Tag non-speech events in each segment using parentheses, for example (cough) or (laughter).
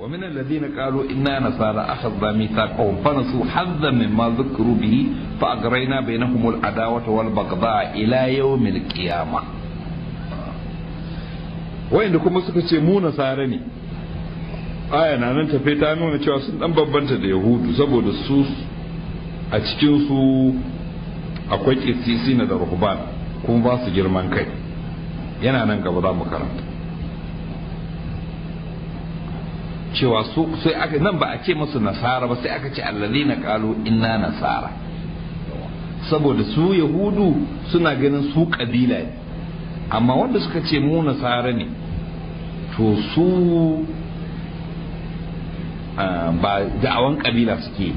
ومن الذين قالوا إنا نصارى أخذنا ميثاقهم فنسوا حظا مما ذكروا به فأغرينا بينهم العداوة والبغضاء إلى يوم Wayanda kuma كما mu nasara ne. aya na nan tafe ta nuna cewa sun dan bambanta da yahudu saboda su a cikin su akwai kisisi na da ruhban kuma ba su girman kai yana nan gaba za mu karanta cewa su sai aka nan ba a ce musu nasara ba sai aka ce allazina qalu inna nasara saboda su yahudu suna ganin su kabila ne amma wanda suka ce mu nasara ne to su ah, ba da'awan kabila suke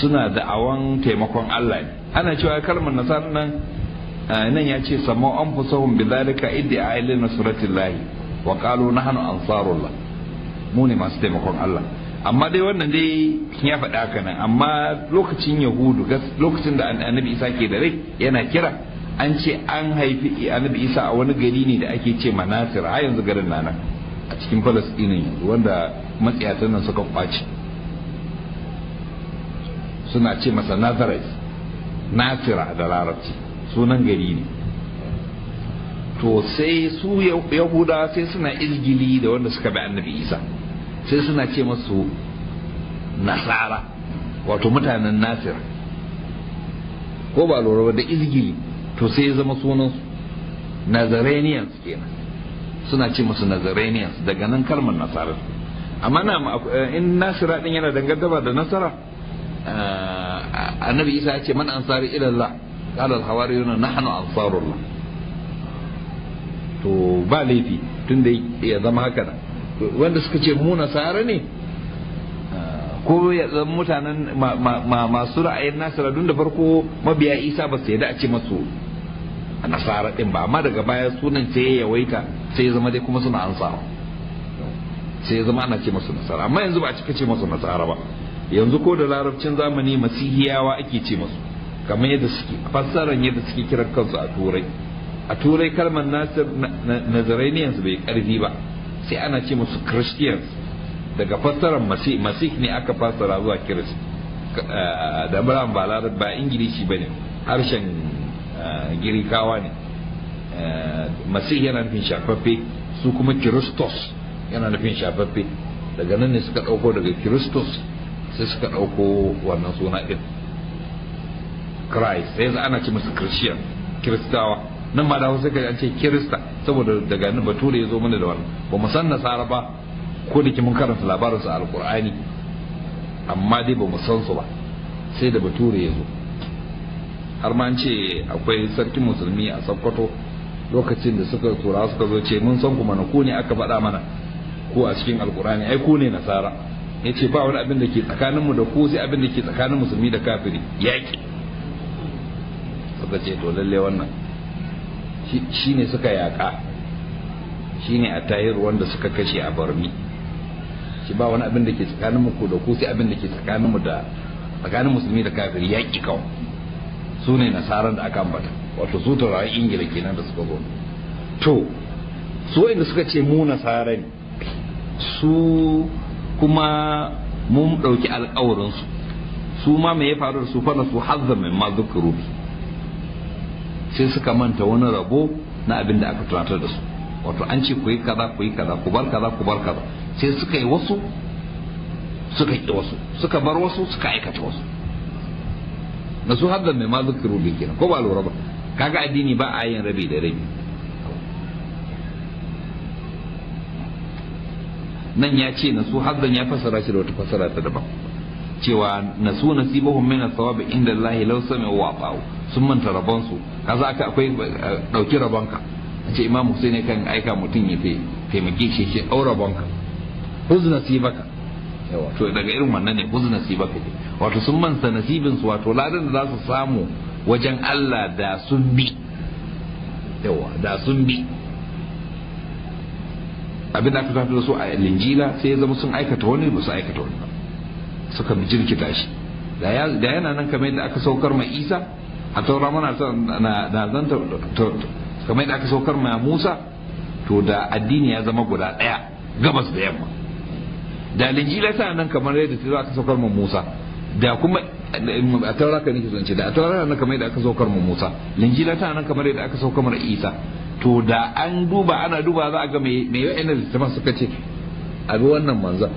suna da'awan taimakon Allah ne ana cewa kalmar nasara nan ah, nan ya ce samau an fusahun bi zalika idda ailin nasratillahi wa qalu nahnu ansarullah mu ne masu taimakon Allah amma dai wannan dai ya faɗa haka nan amma lokacin yahudu lokacin da annabi isa ke da rai yana kira an ce an haifi annabi isa a wani gari ne da ake ce manasir har yanzu garin nana a cikin falastinin yanzu wanda matsiyatan nan suka kwace suna ce masa nazarais nasira da larabci sunan gari ne to sai su yahuda sai suna izgili da wanda suka bi annabi isa sai suna ce masu nasara wato mutanen nasir ko ba lura ba da izgili to sai ya zama sunansu nazarenians kenan suna ce masu nazarenians daga nan kalmar nasara amma na eh, in nasira din yana dangantaba da nasara eh, annabi isa ya ce man ansari ilallah qala al-hawariyuna nahnu ansarullah to ba laifi tun da ya zama haka da wanda suka ce mu nasara ne ah, ko ya zama mutanen masu ra'ayin nasara dun da farko mabiya isa ba su yada a ce masu nasara din ba amma daga baya sunan sai ya yawaita sai ya zama dai kuma suna ansawa sai ya zama ana ce masu nasara amma yanzu ba a cika ce masu nasara ba yanzu ko da larabcin zamani masihiyawa ake ce masu kamar yadda suke fassarar yadda suke kiran kansu a turai a turai kalmar nasir yanzu bai karfi ba sai ana ce musu christians daga fassarar masih masih ne aka fassara zuwa kiris da muran ba ba ingilishi ba ne harshen girikawa ne masih yana nufin shafaffe su kuma kiristos yana nufin shafaffe daga nan ne suka ɗauko daga kiristos sai suka ɗauko wannan suna ɗin christ sai ana ce musu christian kiristawa nan ma da hausa kai an ce kirista saboda daga nan bature ya zo mana da wannan ba mu san nasara ba ko da mun karanta labarin sa alqur'ani amma dai ba mu san su ba sai da bature ya zo har ma an ce akwai sarkin musulmi a sakkwato lokacin da suka tura suka zo ce mun san ku mana ko ne aka faɗa mana ko a cikin alkurani ai ko ne nasara ya ce ba wani abin da ke tsakaninmu da ku sai abin da ke tsakanin musulmi da kafiri yaƙi suka ce to lalle wannan shi ne suka yaƙa shi ne a tayar wanda suka kashe a barmi shi ba wani abin da ke tsakanin mu da ku sai abin da ke tsakanin mu da tsakanin musulmi da kafir yaƙi kawo su ne nasarar da aka ambata wato su rayu ingila kenan da suka zo to su inda suka ce mu nasara ne su kuma mun ɗauki alkawarinsu su ma me ya faru da su fana su su hazzamin ma zukuru sai suka manta wani rabo na abin da aka tunatar da su wato an ce ku yi kaza ku yi kaza ku bar kaza ku bar kaza sai suka yi wasu suka yi wasu suka bar wasu suka aikata wasu na su hadda mai ma zukiru bi kenan ko ba lura ba kaga addini ba a yin rabi da rabi nan ya ce na su haddan ya fassara shi da wata fassara ta daban cewa na su nasibahum min as-sawabi inda Allah law sami'u wa sun manta rabonsu kaza aka akwai eh, ɗauki rabonka a ce imam hussein ne kan aika mutum ya taimake shi ce ɗau rabonka huzu nasibaka to daga irin wannan ne huzu nasibaka ne wato sun manta nasibinsu wato ladan da za su samu wajen allah da sun bi yawa da sun bi abin da aka tafi da su a linjila sai ya zama sun aikata wani ba su aikata wani ba suka jirkita shi da yana nan kamar yadda aka saukar mai isa a taura mana na zan kamar yadda aka saukar ma Musa to da addini ya zama guda ɗaya gabas da yamma da linjila ta nan kamar yadda ta aka saukar ma Musa da kuma a taura ka nake zance da a taura nan kamar yadda aka saukar ma Musa linjila ta nan kamar yadda aka saukar ma Isa to da an duba ana duba za a ga me me da littafan suka ce a bi wannan manzan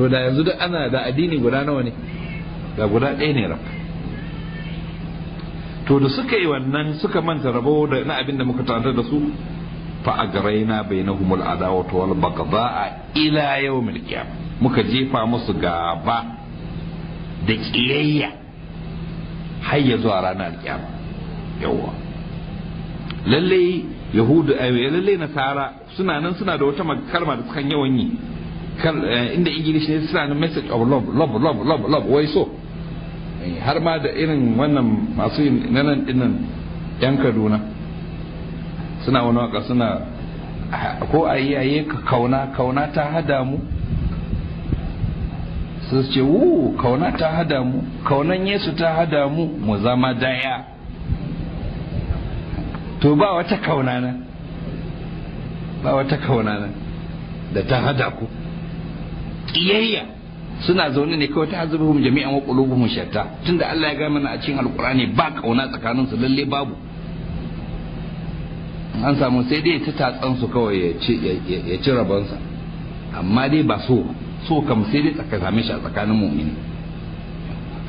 to da yanzu duk ana da addini guda nawa ne da guda ɗaya eh, ne rafa to da suka yi wannan suka manta rabo da na abin da muka tantar da su fa agraina bainahumul adawatu wal baghdha ila yawmil qiyamah muka jefa musu gaba da kiyayya har ya zuwa ranar alkiyama yawa lallai yahudu eh, lallai nasara suna nan suna da wata kalma da sukan yawan yi eh, inda ingilishi ne suna nan message of love love love love love wai so Eh, har ma da irin wannan masu nanan dinnan yan kaduna suna wani waka suna ko a ka kauna kauna ta hada mu su ce wu kauna ta hada mu kaunan yesu ta hada mu mu zama daya to ba wata kauna na ba wata kauna na da ta hada ku ƙiyayya suna zaune ne kawai ta hazubuhum jami'an wa qulubuhum shatta tunda Allah ya ga mana a cikin alqur'ani ba kauna tsakanin su lalle babu an samu sai dai ta tatsan su kawai ya ci ya ci sa amma dai ba so so kam sai dai tsaka same shi a tsakanin mu'mini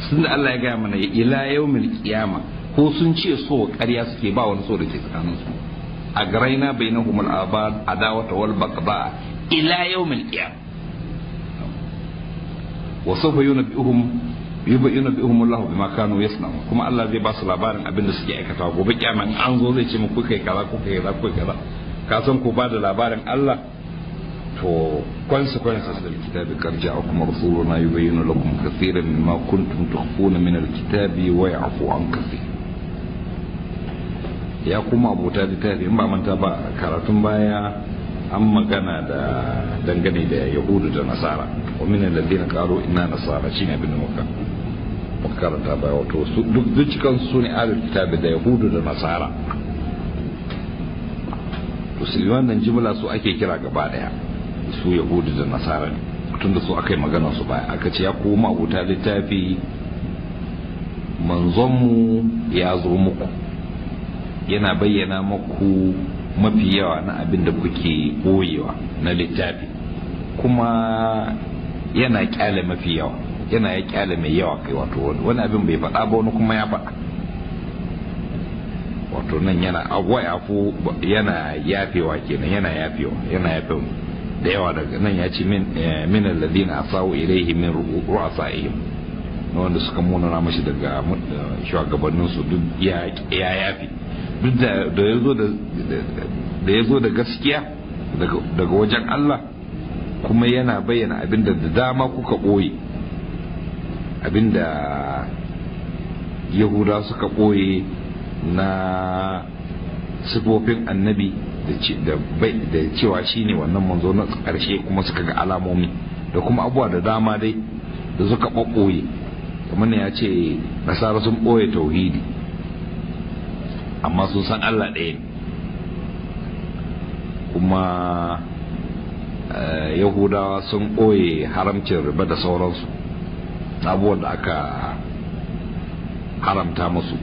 tunda Allah ya ga mana ila yaumil qiyama ko sun ce so ƙarya suke ba wani so da ke tsakanin su agraina bainahum al-abad adawata wal baqba ila yaumil qiyama wa sawfa yunabbi'uhum yunabbi'uhum Allahu bima kanu yasna'u kuma Allah zai ba su labarin abin da suke aikata gobe kiyama in an zo zai ce muku kai kaza ku kai kaza ku kai kaza ka san ku ba da labarin Allah to consequences da kitabi kuma rasuluna yubayyinu lakum mimma kuntum tukhfuna min wa ya'fu an ya kuma abota littafi in ba manta ba karatun baya an magana da dangane da yahudu da nasara wa min alladhina karo ina nasara shine abin muka muka karanta ba wato duk cikin su ne kitabi da yahudu da nasara to su wannan jimla su ake kira gaba daya su yahudu da nasara tun da su aka yi magana su baya aka ce ya koma wuta littafi manzonmu ya zo muku yana bayyana muku mafi yawa na abin da kuke boyewa na littafi kuma yana kyale mafi yawa yana ya kyale mai yawa kai wato wani abin bai faɗa ba wani kuma ya faɗa wato nan yana ya afu yana yafewa kenan yana yafewa yana yafewa da yawa daga nan ya ce min eh, alladhina asawu ilaihi min ru'asaihim wanda suka munana mashi daga eh, shugabanninsu duk ya yafi duk da ya zo da ya zo da gaskiya daga wajen Allah kuma yana bayyana abinda da dama kuka ɓoye abinda yahuda suka ɓoye na sifofin annabi da cewa shine wannan manzo na ƙarshe kuma suka ga alamomi da kuma abuwa da dama dai da suka ɓoye. kamar ya ce nasara sun ɓoye tauhidi amma sun san Allah ɗaya ne kuma eh, yahudawa sun ɓoye haramcin riba da sauransu abubuwan da aka haramta musu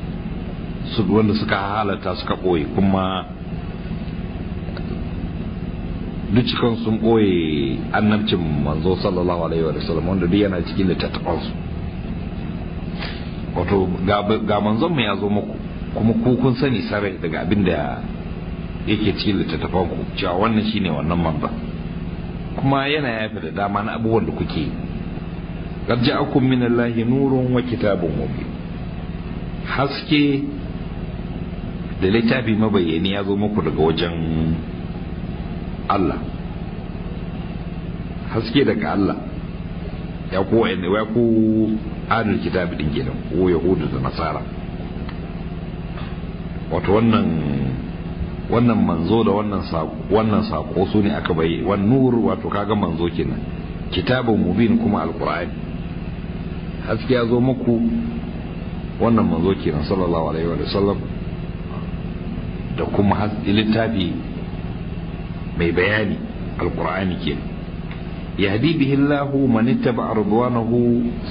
wanda suka halata suka ɓoye kuma duk cikin sun ɓoye annabcin manzo sallallahu alaihi wa sallam wanda duk yana cikin littattafansu wato ga manzon mu ya zo muku kuma ku kun sani sarai daga abin da yake cikin littattafan ku cewa wannan shine wannan mamba kuma yana yafi da dama na abubuwan da kuke yi qad min nurun wa kitabun mubin haske da littafi mabayyani ya zo muku daga wajen Allah haske daga Allah ya ku ya ku adal kitabi din gidan ko yahudu da nasara wato wannan wannan manzo da wannan sako wannan sako su ne aka bai wan nur wato kaga manzo kenan kitabun mubin kuma alqur'ani haske ya zo muku wannan manzo kenan sallallahu alaihi wa sallam da kuma littafi mai bayani alqur'ani kenan يهدي به الله من اتبع رضوانه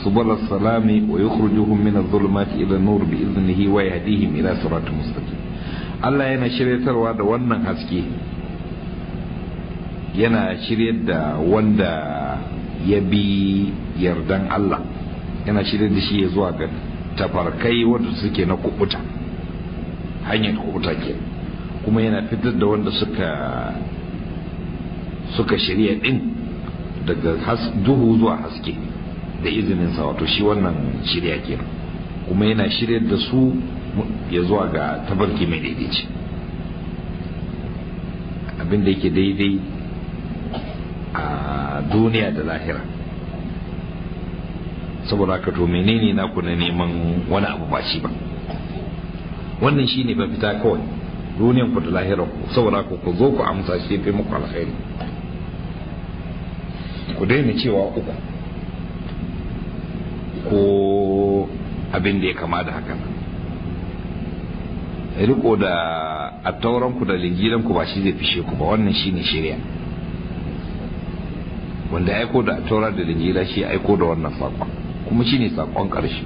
سبل السلام ويخرجهم من الظلمات إلى النور بإذنه ويهديهم إلى صراط مستقيم الله yana shiryatarwa da wannan haske yana shiryar da wanda ya bi yardan Allah yana shiryar da shi ya zuwa ga tafarkai wanda suke na kubuta hanyar kubuta ke kuma yana fitar da wanda suka suka shirya din daga duhu zuwa haske da izinin sa wato shi wannan shirya ke kuma yana shirya da su ya zuwa ga tabarki mai daidaici abin da yake daidai a duniya da lahira saboda haka to menene naku na neman wani abu ba shi ba wannan shi ne ba fita kawai duniyan da lahirar saboda ku zo ku amsa shi fi muku alkhairi ku daina cewa uku ko abin da ya kama da haka riko da ku da ku ba shi zai fishe ku ba wannan shine shirya wanda aiko da attaurar da lingira shi aiko da wannan saƙon, kuma shine sakon karshe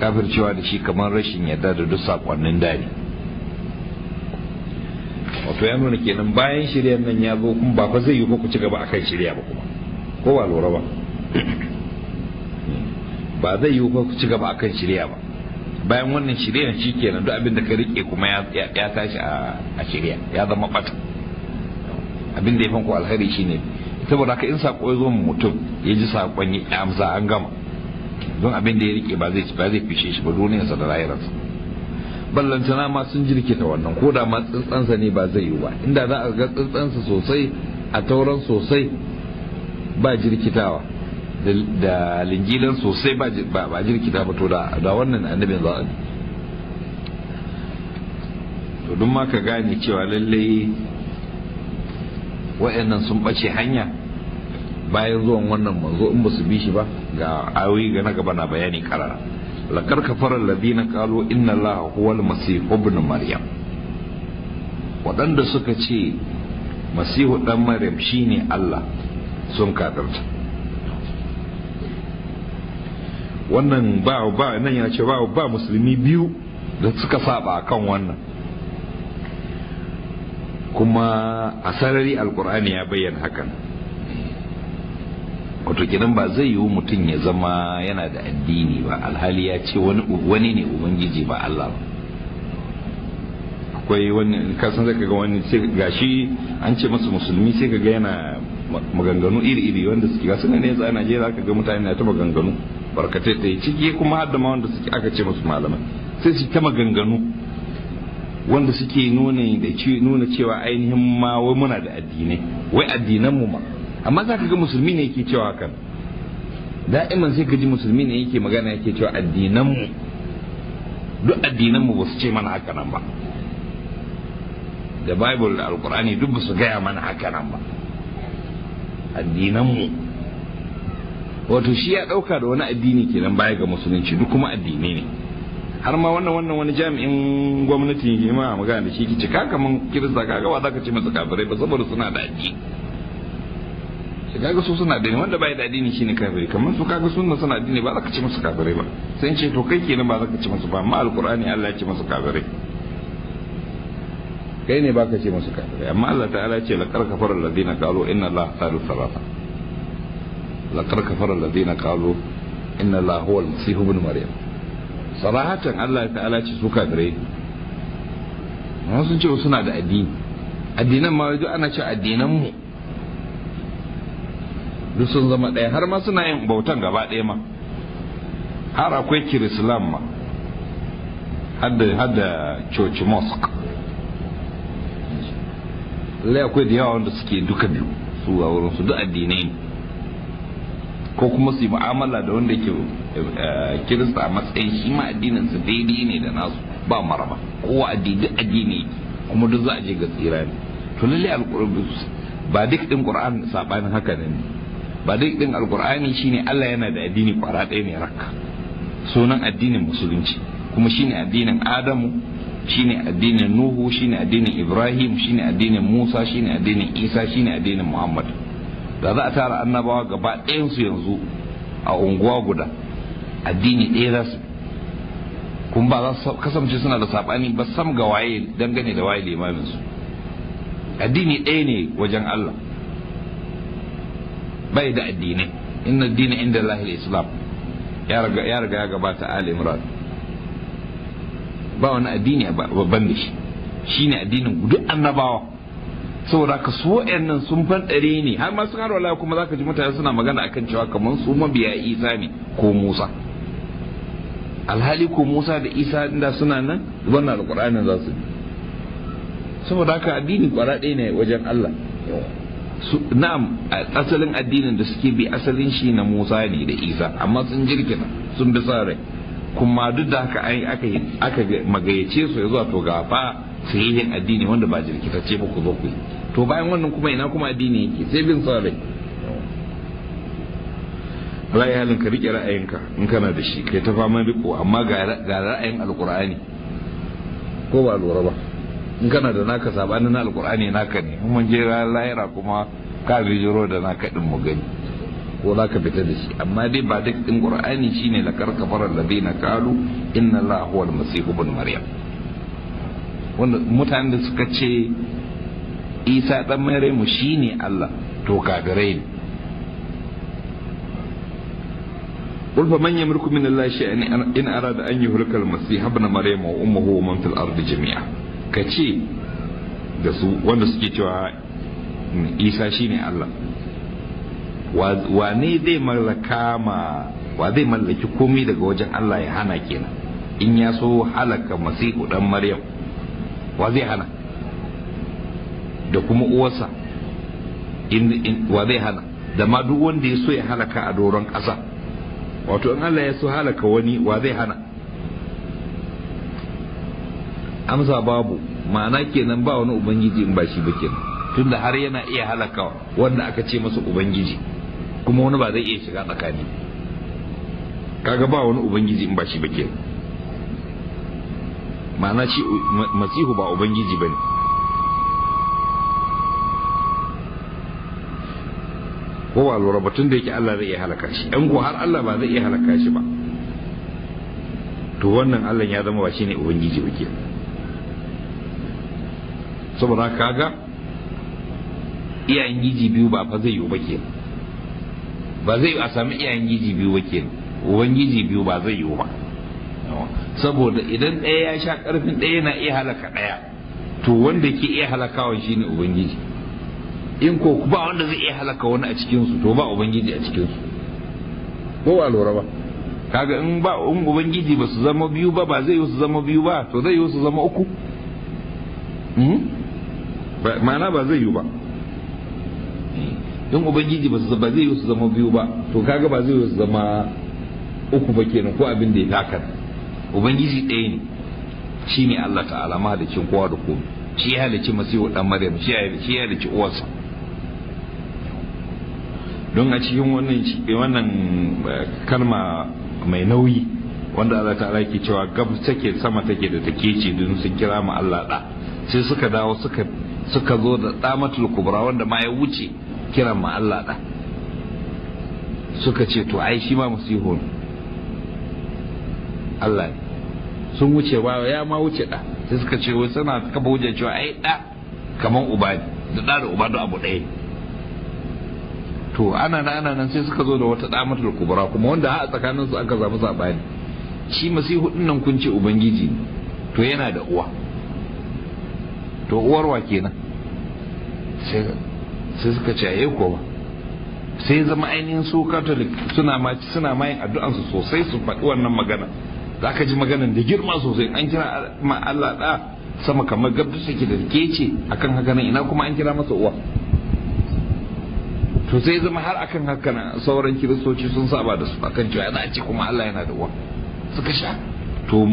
kafircewa da shi kamar rashin yadda da duk sakonnin dare wato ya nuna kenan bayan shirya nan ya zo kuma ba fa zai yi ku ci gaba akan shirya ba kuma ko ba lura ba ba zai yi ku ci gaba akan shirya ba bayan wannan shirya shi kenan duk abin da ka rike kuma ya tashi a shirya ya zama bata abin da ya fanko alheri shine saboda haka in sako ya zo mutum ya ji sakon ya amsa an gama don abin da ya rike ba zai ba zai fishe shi ba duniyarsa da Ballan ballantana ma sun ta wannan ko da ma tsantsansa ne ba zai yi ba inda za a ga tsantsansa sosai a tauran sosai ba jirkitawa da lingilan sosai ba jirkita ba to da wannan annabin za a to duk ma ka gane cewa lallai wa'annan sun ɓace hanya bayan zuwan wannan manzo in ba su bi shi ba ga ayoyi ga na gaba na bayani karara lakar kafarar na kalo inna allaha huwal masihu ibn maryam waɗanda suka ce masihu ɗan maryam shine allah sun kadarta wannan ba ba nan ya ce ba ba musulmi biyu da suka saba kan wannan kuma a sarari alkur'ani ya bayyana hakan wato kidan ba zai yiwu mutum ya zama yana da addini ba alhali ya ce wani ne ubangiji ba Allah ba akwai wani kasan zaka ga wani sai gashi an ce masa musulmi sai ka ga yana maganganu iri-iri wanda suke gasu ne yanzu a najeriya ka ga mutane na ta maganganu barkatai ta yi ciki kuma har da ma wanda suke aka ce musu malamai sai su ta maganganu wanda suke nuna da nuna cewa ainihin ma wai muna da addinai wai addinan mu ma amma za ka ga musulmi ne yake cewa kan da'iman sai ka ji musulmi ne yake magana yake cewa addinan mu duk addinan mu ba su ce mana haka nan ba da bible da alkur'ani duk ba su gaya mana haka nan ba addinanmu wato shi ya ɗauka da wani addini kenan baya ga musulunci duk kuma addini ne har ma wannan wannan wani jami'in gwamnati ne a magana da shi ki cika kaman kirista kaga ba za ka ce masa kafirai ba saboda suna da addini shi kaga su suna da wanda bai da addini shine kafiri kamar su kaga sunna suna addini ba za ka ce masa kafirai ba sai ce to kai kenan ba za ka ce masa ba amma alqur'ani Allah ya ce masa kafirai kai ne baka ce musu kafirai amma Allah ta'ala ce la karkafar alladhina qalu inna Allah salu salasa la karkafar alladhina qalu inna Allah huwa al-masih ibn maryam sarahatan Allah ta'ala ce su kafirai amma sun ce suna da addini addinan ma duk ana ce addinan mu duk sun zama ɗaya har ma suna yin bautan gaba ɗaya ma har akwai kirislam ma hadda coci mosque lai akwai da yawa wanda suke duka biyu su ga wurin su duk addinai ne ko kuma su yi mu'amala da wanda ke eh, kirista a matsayin shi ma addinin su daidai ne da nasu ba maraba kowa addini duk addini kuma duk za a je ga tsira ne to lalle alqur'ani ba duk din qur'an sabanin haka ne ba duk din alqur'ani shine Allah yana da addini kwara ɗaya ne rakka sunan addinin musulunci kuma shine addinin Adamu shine addinin nuhu shine addinin ibrahim shine addinin musa shine addinin isa shine addinin muhammad da za a tara annabawa gaba ɗayansu yanzu a unguwa guda addini ɗaya za su kun ba za su kasance suna da saɓani ba sam ga waye dangane da waye su addini ɗaya ne wajen allah bai da addinai inna addini inda lahil islam ya riga ya gabata al imran ba wani addini babban da shi shi ne addinin duk annabawa saboda ka so nan sun fanɗare ne har ma sun harwala kuma zaka ji mutane suna magana akan cewa kamar su mabiya isa ne ko musa alhali ko musa da isa inda suna nan wannan alƙur'anin za su saboda haka addini kwara ɗaya ne wajen allah na'am asalin addinin da suke bi asalin shi na musa ne da isa amma sun jirkina sun bi sa rai kuma duk da haka ai aka aka magayace su zuwa to ga fa sahihin addini wanda ba jirkitacce ba ku zo ku to bayan wannan kuma ina kuma addini yake sai bin sa rai ra'ayi halin ka rike ra'ayinka in kana da shi kai ta fama riko amma ga ra'ayin alqur'ani ko ba lura ba in kana da naka sabanin na alkur'ani naka ne mun je lahira kuma ka bijiro da naka din mu gani ko za ka fita da shi amma dai ba duk din qur'ani shine la karkafara alladhina kalu inna allaha huwa masihu ibn maryam wanda mutanen da suka ce isa dan maryamu shine allah to kafirai ne قل فمن يملك من الله شيئا ان اراد ان يهلك maryam wa ummuhu wa ومن في الارض Ka ce da su wanda suke cewa isa shine Allah wane zai mallaka ma wa zai mallaki komai daga wajen Allah ya hana kenan in ya so halaka masihu dan maryam wa zai hana da kuma uwarsa wa zai hana da ma duk wanda ya so ya halaka a doron ƙasa wato in Allah ya so halaka wani wa zai hana amsa babu ma'ana kenan ba wani ubangiji in ba shi ba kenan tunda har yana iya halaka wanda aka ce masa ubangiji kuma wani ba zai iya shiga tsakani kaga ba wani ubangiji in ba shi ba kenan ma'ana shi masihu ba ubangiji ba ne ko ba lura batun da yake Allah zai iya halaka shi ɗan ko har Allah ba zai iya halaka shi ba to wannan Allah ya zama ba shi ne ubangiji ba kenan saboda kaga iyayen giji biyu ba fa zai yi ba kenan ba zai a sami iyayen giji biyu ba ke giji biyu ba zai yiwu ba saboda idan ɗaya ya sha ƙarfin ɗaya na iya halaka ɗaya to wanda ke iya halakawa ne ubangiji in ko ba wanda zai iya halaka wani a cikinsu to ba ubangiji a cikinsu ko ba lura ba kaga in ba in ubangiji ba su zama biyu ba ba zai yi su zama biyu ba to zai yi su zama uku hmm? ma'ana ba zai yi ba don ubangiji ba ba zai yi su zama biyu ba to kaga ba zai yi su zama uku ba kenan ko abin da ya taka ubangiji ɗaya ne shi ne Allah ta'ala cin kowa da komi shi ya halicci masihu dan maryam shi ya halici uwarsa don a cikin wannan wannan eh, kalma mai nauyi wanda Allah ta'ala ke cewa gab take sama take da take ce don sun kira mu Allah da sai suka dawo suka suka zo da damatul kubra wanda ma ya wuce kiran ma Allah ɗan suka ce to ai shi ma masihu ne Allah sun wuce ba ya ma wuce ɗa sai suka ce wai suna kafa hujjar cewa ai ɗa kamar uba ne da ɗa da uba da abu ɗaya to ana nan ana nan sai suka zo da wata ɗamatar kubura kuma wanda a tsakanin su aka samu saɓani shi masihu ɗin nan kun ce ubangiji to yana da uwa to uwar wa kenan sai sai suka ce ayi ba sai zama ainihin su catholic suna ma suna ma yin addu'an su sosai su faɗi wannan magana za ka ji maganan da girma sosai an kira ma Allah da sama kamar gabdu suke da kece akan haka nan ina kuma an kira masa uwa to sai zama har akan haka nan sauran kiristoci sun saba da su akan cewa za a ce kuma Allah yana da uwa suka sha to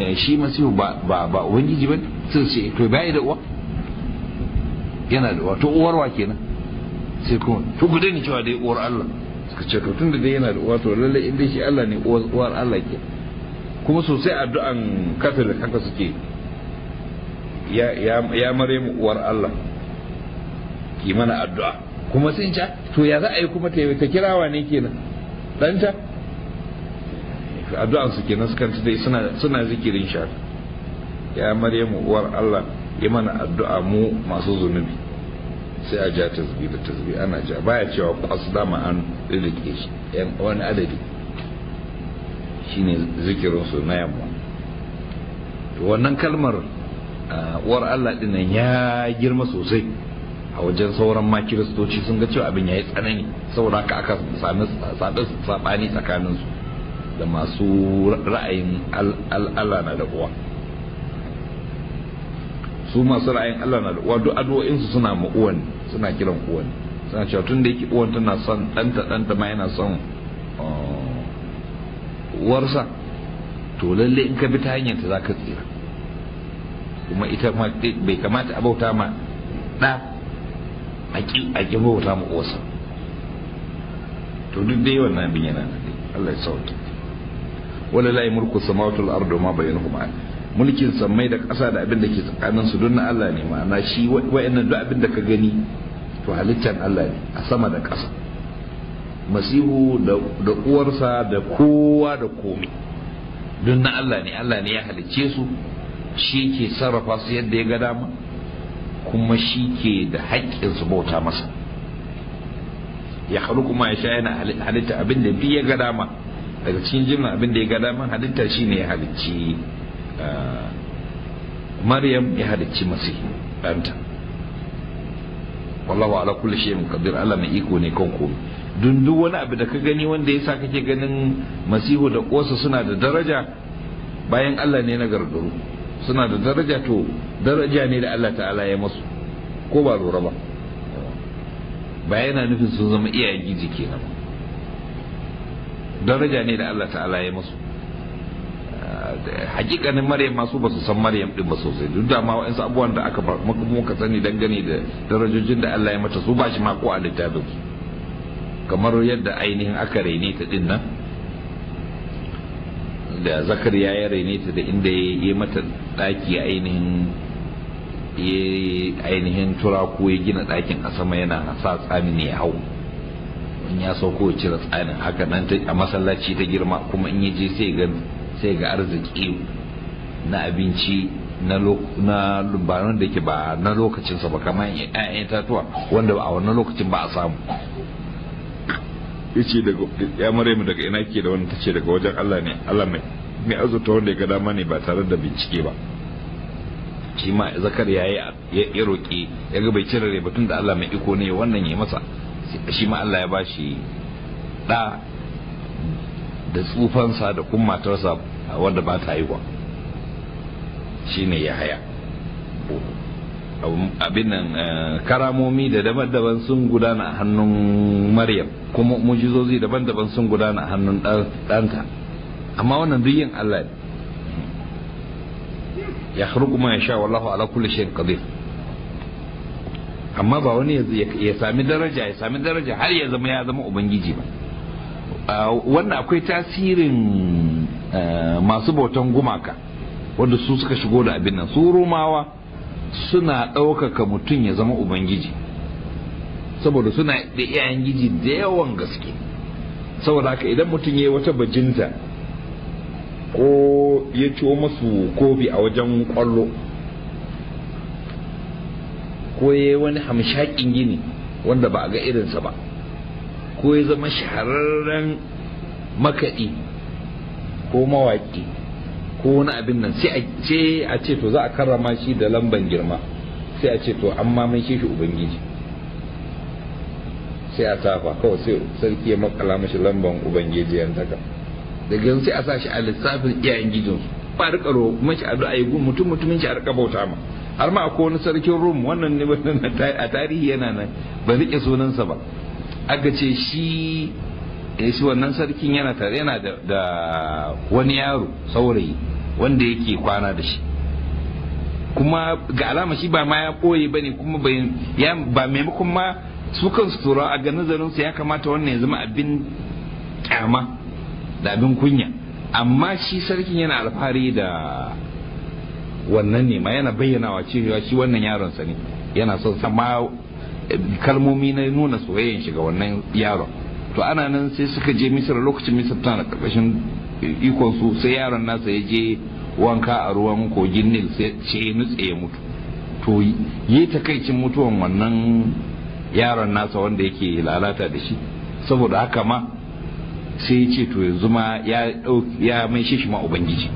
eh, shi masihu ba ba ba ubangiji ba sai ce to bai da uwa yana da wato uwar wa kenan sai kuma to ku daina cewa dai uwar Allah suka ce to tunda dai yana da uwa to lalle in dai shi Allah ne uwar Allah ke kuma sosai addu'an katolik haka suke ya ya ya mare mu uwar Allah ki mana addu'a kuma sun ca to ya za a yi kuma ta kirawa ne kenan danta addu'an su kenan ci dai suna suna zikirin sha ya maryamu uwar Allah yi mana addu'a mu masu zunubi sai a ja tasbi da tasbi ana ja baya cewa kwas dama an rike shi yan wani adadi shine zikirin su na yamma to wannan kalmar uwar Allah din ya girma sosai a wajen sauran ma kiristoci sun ga cewa abin ya yi tsanani saboda haka aka sami sabani tsakanin su da masu ra'ayin Allah na da uwa su masu ra'ayin Allah na da uwa duk addu'o'insu suna ma'uwan suna kiran uwan suna cewa tun da yake uwan tana son ɗanta ɗanta ma yana son uh, uwarsa to lalle in ka bi ta hanyar ta za ka tsira kuma ita ma bai kamata a bauta ma ɗa a ƙi bauta ma uwarsa to duk dai wannan abin yana da Allah ya sauta wala la mulku samawati wal ardi ma bainahuma mulkin sammai da ƙasa da abin da ke tsakanin su don na Allah ne ma'ana shi wa'annan duk abin da ka gani to halittar Allah ne a sama da ƙasa masihu da uwarsa da kowa da komi don na Allah ne Allah ne ya halicce su shi ke sarrafa su yadda ya ga dama kuma shi ke da haƙƙin su bauta masa ya haru kuma ya sha yana halitta abin da ya ga dama daga cikin jimla abin da ya ga dama halitta shi ne ya halicci ah, maryam ya halicci masihu ɗanta wallahu ala kulli shay'in qadir Allah mai iko ne kan komai dun duk wani abu da ka gani wanda yasa kake ganin masihu da kosa suna da daraja bayan Allah ne na gargaru suna da daraja to daraja ne da Allah ta'ala ya masu ko ba lura ba ba yana nufin sun zama iyayen giji kenan daraja ne da Allah ta'ala ya masu hakikanin maryam masu ba su san maryam din ba sosai duk da ma wa'ansu abubuwan da aka muka sani dangane da darajojin da Allah ya mata su ba shi ma ko a littafin kamar yadda ainihin aka raine ta din nan da zakariya ya raine ta da inda ya yi mata daki ainihin ainihin turaku ya gina dakin a sama yana sa tsami ne ya hau in ya sauko ya cire tsanin haka nan a masallaci ta girma kuma in ya je sai ga sai ga arziki na abinci na banon da ke ba na lokacinsa ba kamar ya tatuwa wanda a wannan lokacin ba a samu yace daga ya maraimu daga ina ke da wani tace daga wajen Allah ne Allah mai mai azurta wanda ya ga dama ne ba tare da bincike ba shi ma zakar ya yi ya roƙi ya ga bai cire batun da Allah mai iko ne wannan ya masa shi ma Allah ya bashi da da tsufansa da kuma matarsa wadda ba ta haihuwa shine ya haya abin nan eh, karamomi da daban-daban sun gudana a hannun maryam kuma mujizozi daban-daban sun gudana a hannun ɗanta amma wannan duk yin allah ne ya haruku ma ya sha wallahu ala kulli shayin qadir amma ba wani ya sami daraja ya sami daraja har ya zama ya zama ubangiji ba Ah, wannan akwai tasirin eh, masu bautan gumaka wanda su suka shigo da abin nan su romawa suna ɗaukaka mutum ya zama ubangiji saboda suna da iyayen giji da yawan gaske saboda haka idan mutum ya yi wata bajinta ko ya ciwo masu kofi a wajen kwallo ko ya yi wani hamshakin gini wanda ba a ga irinsa ba ko ya zama shahararren makaɗi ko mawaƙi ko wani abin nan sai a ce to za a karrama shi da lamban girma sai a ce to an maman shi shi ubangiji sai a tafa kawai sai sarki ya makala mashi lamban ubangiji yan taka daga sai a sa shi a lissafin iyayen gidansu ba rika mashi addu'a yi mutum mutumin shi a rika bauta ma har ma akwai wani sarkin rum wannan ne (laughs) a tarihi yana nan ba rike sunansa ba aka ce shi ya eh, shi wannan sarkin yana tare yana da wani yaro saurayi wanda yake kwana da shi kuma ga alama shi ba ma ya koye ba ne kuma ba maimakon ma su su turawa a ga su ya kamata wannan ya zama abin kyama da abin kunya amma shi sarkin yana alfahari da wannan ne ma yana bayyanawa cewa shi wannan yaronsa ne yana son sama kalmomi na nuna soyayyen shi ga wannan yaron to ana nan sai suka je misir lokacin misir tana karkashin ikon su sai yaron nasa ya je wanka a ruwan kogin nil sai ce nutse ya mutu to yi takaicin mutuwan wannan yaron nasa wanda yake lalata da shi saboda haka ma sai ya ce to yanzu ma ya mai shi ma ubangiji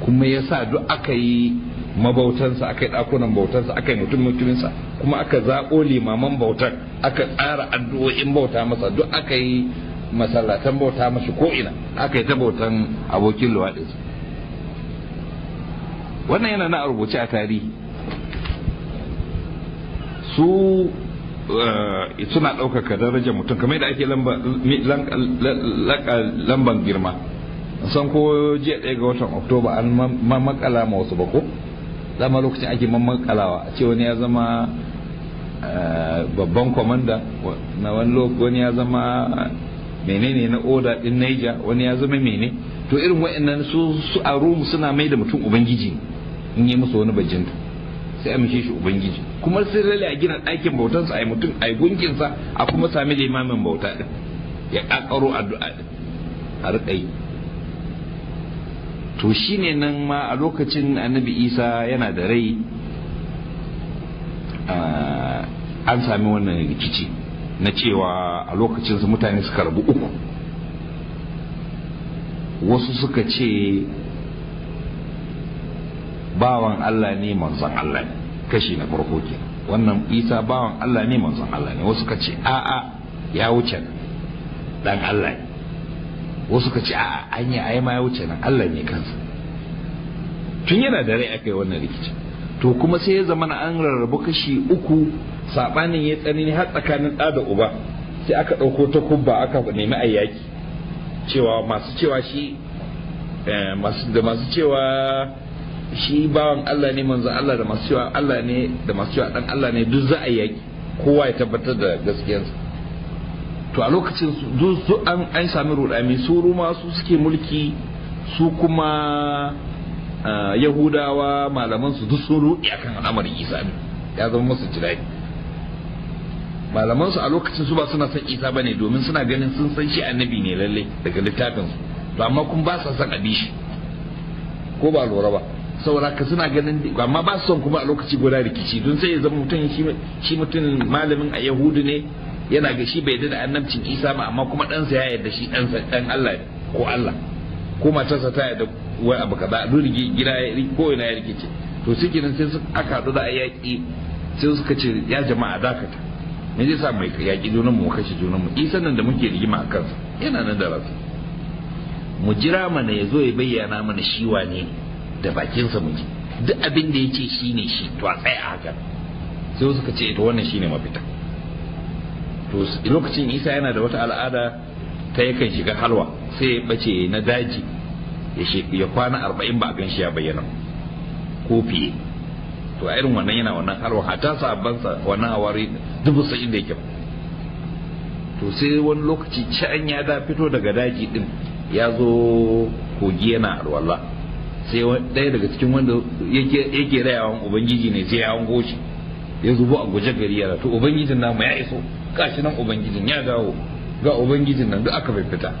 kuma ya sa duk aka yi mabautansa aka yi ɗakunan bautansa aka yi mutum mutuminsa kuma aka zaɓo limaman bautar aka tsara addu'o'in bauta masa duk aka yi masallatan bauta masa ko'ina aka yi ta bautan abokin luwaɗinsa wannan yana na rubuce a tarihi su eh, suna ɗaukaka darajar mutum kamar da ake lamban girma san ko jiya ɗaya ga watan oktoba an makala ma wasu bako zama lokacin ake Kalawa a ce wani ya zama eh, babban komanda na wani lokaci wani ya zama menene na oda din naija wani ya zama mene to irin wa'annan su su a rum suna mai da mutum ubangiji in yi musu wani bajinta sai amince shi ubangiji kuma sai lalle a gina ɗakin bautansa a yi mutum a yi gunkinsa a kuma sami limamin bauta din ya ƙaƙaro addu'a din a riƙa yi to shine nan ma a lokacin annabi isa yana da rai an sami wannan rikici na cewa a lokacinsa mutane suka rabu uku wasu suka ce bawan Allah ne manzon Allah ne kashi na farko ke wannan isa bawan Allah ne manzon Allah ne wasu suka ce a'a ya wuce dan Allah ne wasu ka ce a an yi ai ma ya wuce nan Allah ne kansa tun yana da rai aka yi wannan rikici to kuma sai ya zama an rarrabu kashi uku sabanin ya tsanani har tsakanin ɗa da uba sai aka ɗauko ta kubba aka nemi a yaki cewa masu cewa shi eh, da masu cewa shi bawan Allah ne manzo Allah da masu cewa Allah ne da masu cewa dan Allah ne duk za a yaki kowa ya tabbatar da gaskiyarsa to a lokacin su an sami rudami su ruma su suke mulki su kuma yahudawa malaman su duk sun ruɗi akan al'amar isa ne ya zama musu jira'i malaman su a lokacin su ba suna son isa ba ne domin suna ganin sun san shi annabi ne lalle daga littafin su to amma kun ba sa son abi shi ko ba lura ba saboda ka suna ganin amma ba su son kuma a lokaci guda rikici don sai ya zama mutum shi mutum malamin a yahudu ne yana ga shi bai yarda da annabcin isa ba amma kuma ɗansa ya yarda shi ɗansa dan allah ko allah ko matarsa ta yarda wai abu kaza rurgi gida ko ina ya rikice to shi kenan sai aka haɗu da yaƙi sai suka ce ya jama'a dakata me zai sa mai yaƙi junan mu kashe junan mu isa nan da muke rigima a kansa yana nan da rasu mu jira mana ya zo ya bayyana mana shi wane da bakinsa mu ji duk abin da ya ce shi ne shi to a tsaya a hakan sai suka ce ita wannan shine mafita to lokacin isa yana da wata al'ada ta yakan shiga halwa sai ya bace na daji ya kwana arba'in ba a gan shi ya bayyana ko fiye to a irin wannan yana wannan halwa hata abansa wannan awari dubu sa'in da yake to sai wani lokaci can ya da fito daga daji din ya zo kogi yana alwala sai ɗaya daga cikin wanda yake rayawan ubangiji ne sai ya hango shi ya zubo a guje gari yara to ubangijin namu ya iso kashi nan ubangijin ya dawo ga ubangijin nan duk aka fita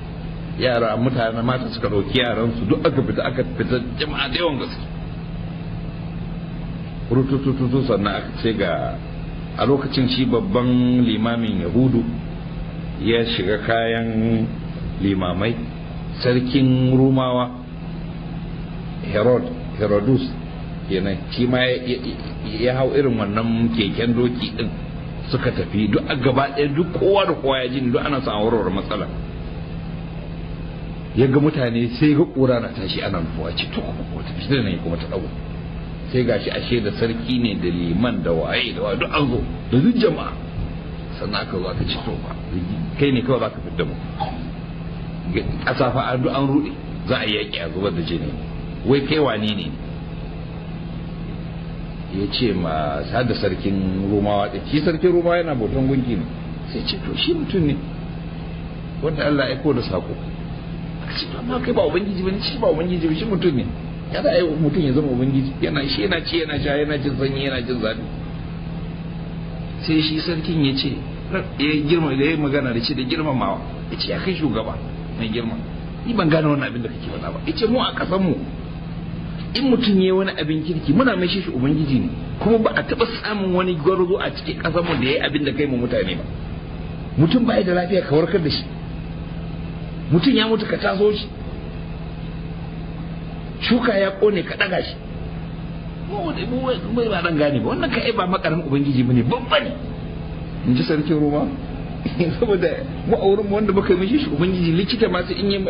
yara mutane mata suka ɗauki su duk aka fita aka fita jama'a da yawan gaske rututututu sannan aka ce ga a lokacin shi babban limamin yahudu ya shiga kayan limamai sarkin rumawa herod herodus kenan shi ma ya hau irin wannan keken doki din suka tafi duk a gaba ɗaya duk kowa da kowa ya ji duk ana sa warware matsala ya ga mutane sai ga kura na tashi ana nufuwa ce to kuma ta fitar ne kuma ta ɗau sai gashi ashe da sarki ne da liman da waye da waye duk an zo da duk jama'a sannan aka zo aka ci to ba kai ne kawai za ka fidda mu ƙasa fa an ruɗe za a yaƙi a zubar da jini wai kai wani ne ya ce ma sada sarkin rumawa da shi sarkin rumawa yana bautan gunki ne sai ce to shi mutum ne wanda Allah ya aiko da sako ce amma kai ba ubangiji bane shi ba ubangiji ba shi mutum ne yana ai mutum ya zama ubangiji yana shi yana ci yana sha yana jin sanyi yana jin zafi sai shi sarkin ya ce ya girma da ya magana da shi da girmamawa ya ce ya kai shugaba mai girma ni ban gane wannan abin da kake faɗa ba ya ce mu a ƙasar mu in mutum ya wani abin kirki muna mai shi ubangiji ne kuma ba a taba samun wani gwarzo a cikin mu da ya yi abin da kai mu mutane ba mutum ba da lafiya ka warkar da shi mutum ya mutu ka taso shi shuka ya kone ka daga shi ba dan gane ba wannan ka ba makarin ubangiji bane ne babba ne in ji sarkin roma (laughs) saboda mu a wurin wanda muka mishi shi ubangiji likita ma sai in yi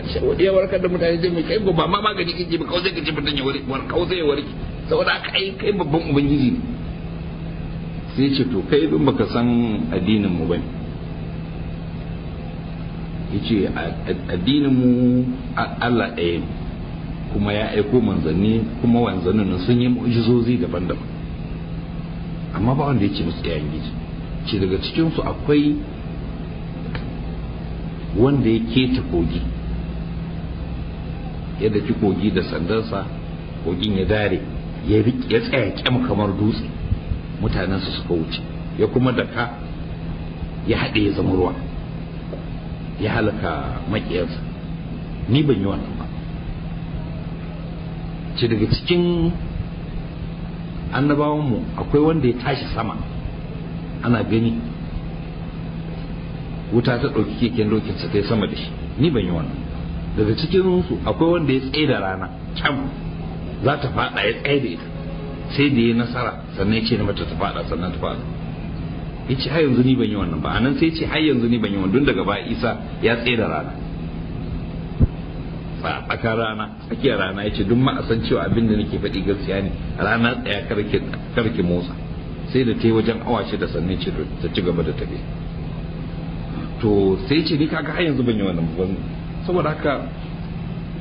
ya warkar da mutane zai mai kai ba ma magani kake ba kawai zai ce mutum ya warke war kawai zai warke saboda aka ai kai babban ubangiji ne sai ce to kai bin baka san addinin mu bane yace addinin mu Allah ɗaya ne kuma ya aiko manzanni kuma wanzannin sun yi mu'jizozi daban-daban amma ba wanda yake musu yayin gizo ce daga cikinsu akwai wanda ya keta kogi ya daki kogi da sandansa kogin ya dare ya tsaya kyam kamar dutse su suka wuce ya kuma daka ya haɗe ya zama ruwa ya halaka maƙiyarsa ni ban yi wannan ba ci daga cikin annabawanmu akwai wanda ya tashi sama ana gani wuta ta ɗauki keken dokin sa kai sama da shi ni ban yi wannan daga cikin su akwai wanda ya tsaye da rana can za ta faɗa ya tsaye da ita sai da ya nasara sannan ya ce na mata ta faɗa sannan ta faɗa ya ce har yanzu ni ban yi wannan ba anan sai ya ce har yanzu ni ban yi wannan don daga baya isa ya tsaye da rana tsakar rana tsakiyar rana ya ce duk ma a san cewa abin da nake faɗi gaskiya ne rana tsaya karki motsa sai da ta yi wajen awa shida sannan ce ta ci gaba da tafiya to sai ce ni kaga har yanzu ban yi wannan ban saboda haka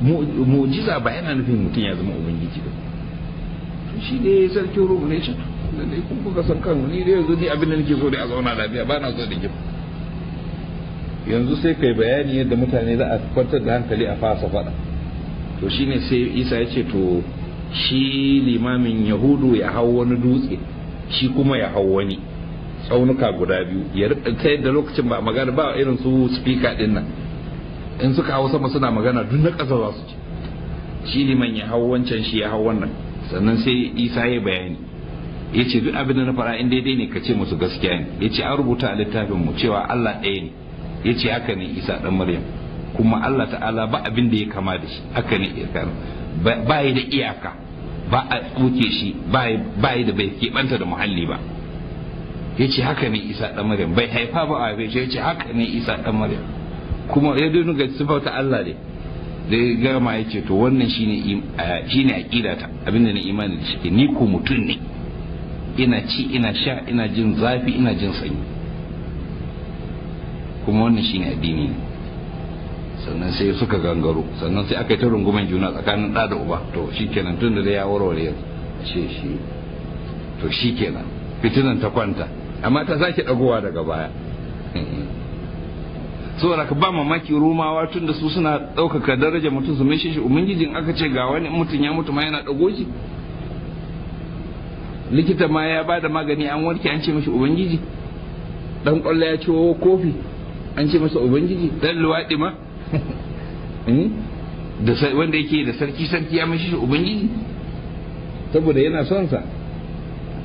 mu'jiza ba yana nufin mutum ya zama ubangiji ba to shi ne sarkin ruhu ne shi da dai kun kuka san kanku ni dai yanzu ni abin da nake so dai a zauna lafiya ba na so da gima yanzu sai kai bayani yadda mutane za a kwantar da hankali a fasa faɗa to shine sai isa ya ce to shi limamin yahudu ya hau wani dutse shi kuma ya hau wani tsaunuka guda biyu ya ta yadda lokacin ba magana ba irin su speaker din nan in suka hau sama suna magana duk na ƙasa za su ci shi liman ya hau wancan shi ya hau wannan sannan sai isa ya bayani ya ce duk abin da na fara in daidai ne ka ce musu gaskiya ne ya ce an rubuta a littafin mu cewa allah ɗaya ne ya ce haka ne isa ɗan maryam kuma allah ta'ala ba abin da ya kama da shi haka ne ba ya da iyaka ba a tsoke shi ba ya da bai keɓanta da muhalli ba ya ce haka ne isa dan maryam bai haifa ba a bai ya ce haka ne isa dan maryam kuma ya dinu ga sifauta Allah ne da ya gama ya ce to wannan shine shine aqida ta abinda na imani da shi ni ko mutum ne ina ci ina sha ina jin zafi ina jin sanyi kuma wannan shine addini ne sannan sai suka gangaro sannan sai aka yi ta runguman juna tsakanin ɗa da uba to shikenan tun da ya warware yanzu ce shi to shikenan fitinan ta kwanta amma ta sake dagowa daga baya saboda ka ba mamaki rumawa tun da su suna ɗaukaka daraja mutum su mishi shi ubangijin aka ce ga wani mutum ya mutu ma yana ɗago shi likita ma ya ba da magani an warke an ce mashi ubangiji dan ƙwallo ya ciwo kofi an ce masa ubangiji dan luwaɗi ma hmm? wanda yake da sarki sarki ya mashi ubangiji saboda yana son sa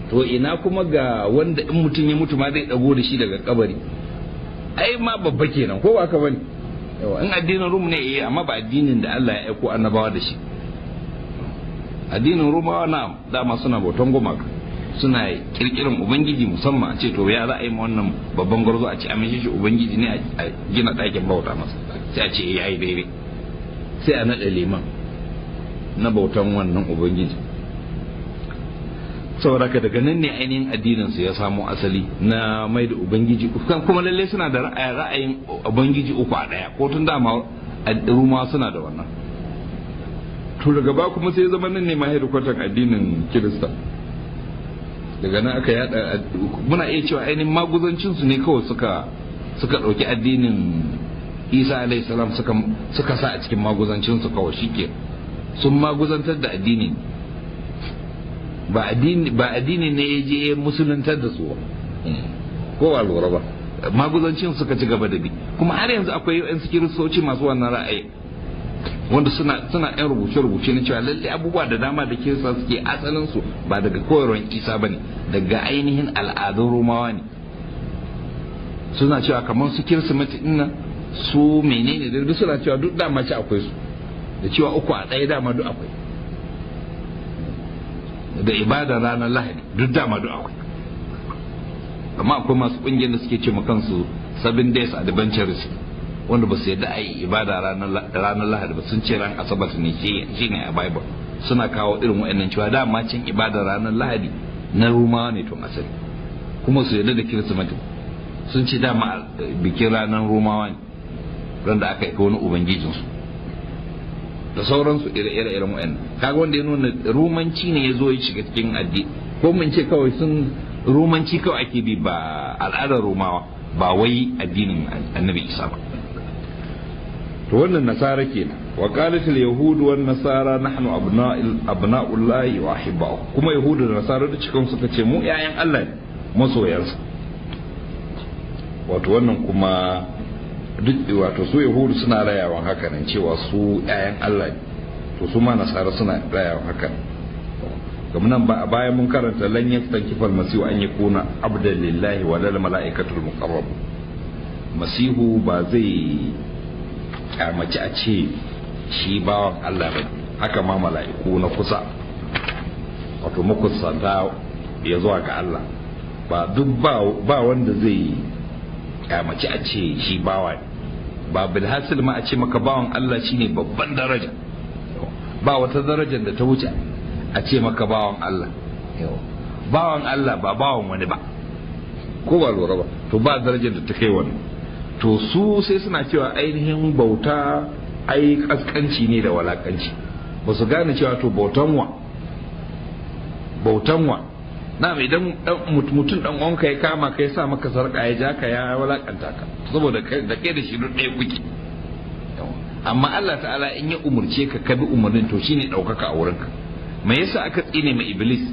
to ina kuma ga wanda in mutum ya mutu ma zai dago da shi daga kabari ai ma babba kenan ko ba ka yawa in addinin rum ne eh amma ba addinin da Allah ya aiko annabawa da shi addinin rumawa na dama suna bautan gumaka suna kirkirin ubangiji musamman a ce to ya za a yi ma wannan babban gwarzo a ce amince shi ubangiji ne a gina ɗakin bauta masa sai a ce eh, ya daidai sai a naɗa liman na bautan wannan ubangiji saboda ka daga nan ne ainihin addinin su ya samo asali na mai da ubangiji kuma lalle suna da ra'ayin ubangiji uku a daya ko tun dama ruma suna da wannan to daga ba kuma sai zama nan ne ma kwatan addinin kirista daga nan aka yada muna iya cewa ainihin maguzancin su ne kawai suka suka dauki addinin isa alayhi salam suka suka sa a cikin maguzancin su kawai shike sun maguzantar da addinin? ba addini ne ya je musuluntar da su ko ba lura ba maguzancin suka ci gaba da bi kuma har yanzu akwai yan kiristoci masu wannan ra'ayi wanda suna suna yan rubuce rubuce na cewa lalle abubuwa da dama da sa suke asalin su ba daga koyarwar isa ne daga ainihin al'adun romawa ne suna cewa kamar su mace dinnan su menene da suna cewa duk dama ci akwai su da cewa uku a ɗaya dama duk akwai da ibada ranar lahadi duk dama duk akwai amma akwai masu kungiyar da suke ce ma kansu seven days adventures wanda ba su yadda a yi ibada ranar lahadi ba sun ce ran asabar ne shi ne a bible suna kawo irin wa'annan cewa dama cin ibada ranar lahadi na rumawa ne tun asali kuma su yadda da kirsimeti sun ce dama eh, bikin ranar rumawa ne ran da aka yi wani ubangijinsu da sauransu ire-iren wa'in kaga wanda ya nuna rumanci ne ya zo ya shiga cikin addini ko mun ce kawai sun rumanci kawai ake bi ba al'adar rumawa ba wai addinin annabi isa ba to wannan nasara ke kenan وقالت اليهود والنصارى نحن ابناء ابناء wa واحباؤه kuma yahudu da nasara da cikin suka ce mu yayan Allah ne masoyansa wato wannan kuma duk wato su yahudu suna rayawan haka nan cewa su ƴaƴan Allah to su ma nasara suna rayawan haka kamar nan ba bayan mun karanta lan yastankifa masihu an yakuna abdan lillahi wa lil malaikatul muqarrab masihu ba zai kyamaci a ce shi bawan Allah ba haka ma mala'iku na kusa wato makusanta ya zuwa ga Allah ba duk ba wanda zai kyamaci a ce shi bawa ne ba bilhassil ma a ce maka bawan Allah shine babban daraja ba wata darajar da ta wuce a ce maka bawan Allah bawan Allah ba bawan wani ba ko ba lura ba to ba darajar da ta kai wani to su sai suna cewa ainihin bauta ai kaskanci ne da walakanci ba su gane cewa to bautan wa bautan wa mai idan mutum dan uwanka ya kama ka ya sa maka sarka ya ja ka ya walakanta ka saboda da kai da shi duk ɗaya kuke amma Allah ta'ala in ya umurce ka ka bi umarnin to shine ɗaukaka a wurinka me yasa aka tsine mai iblis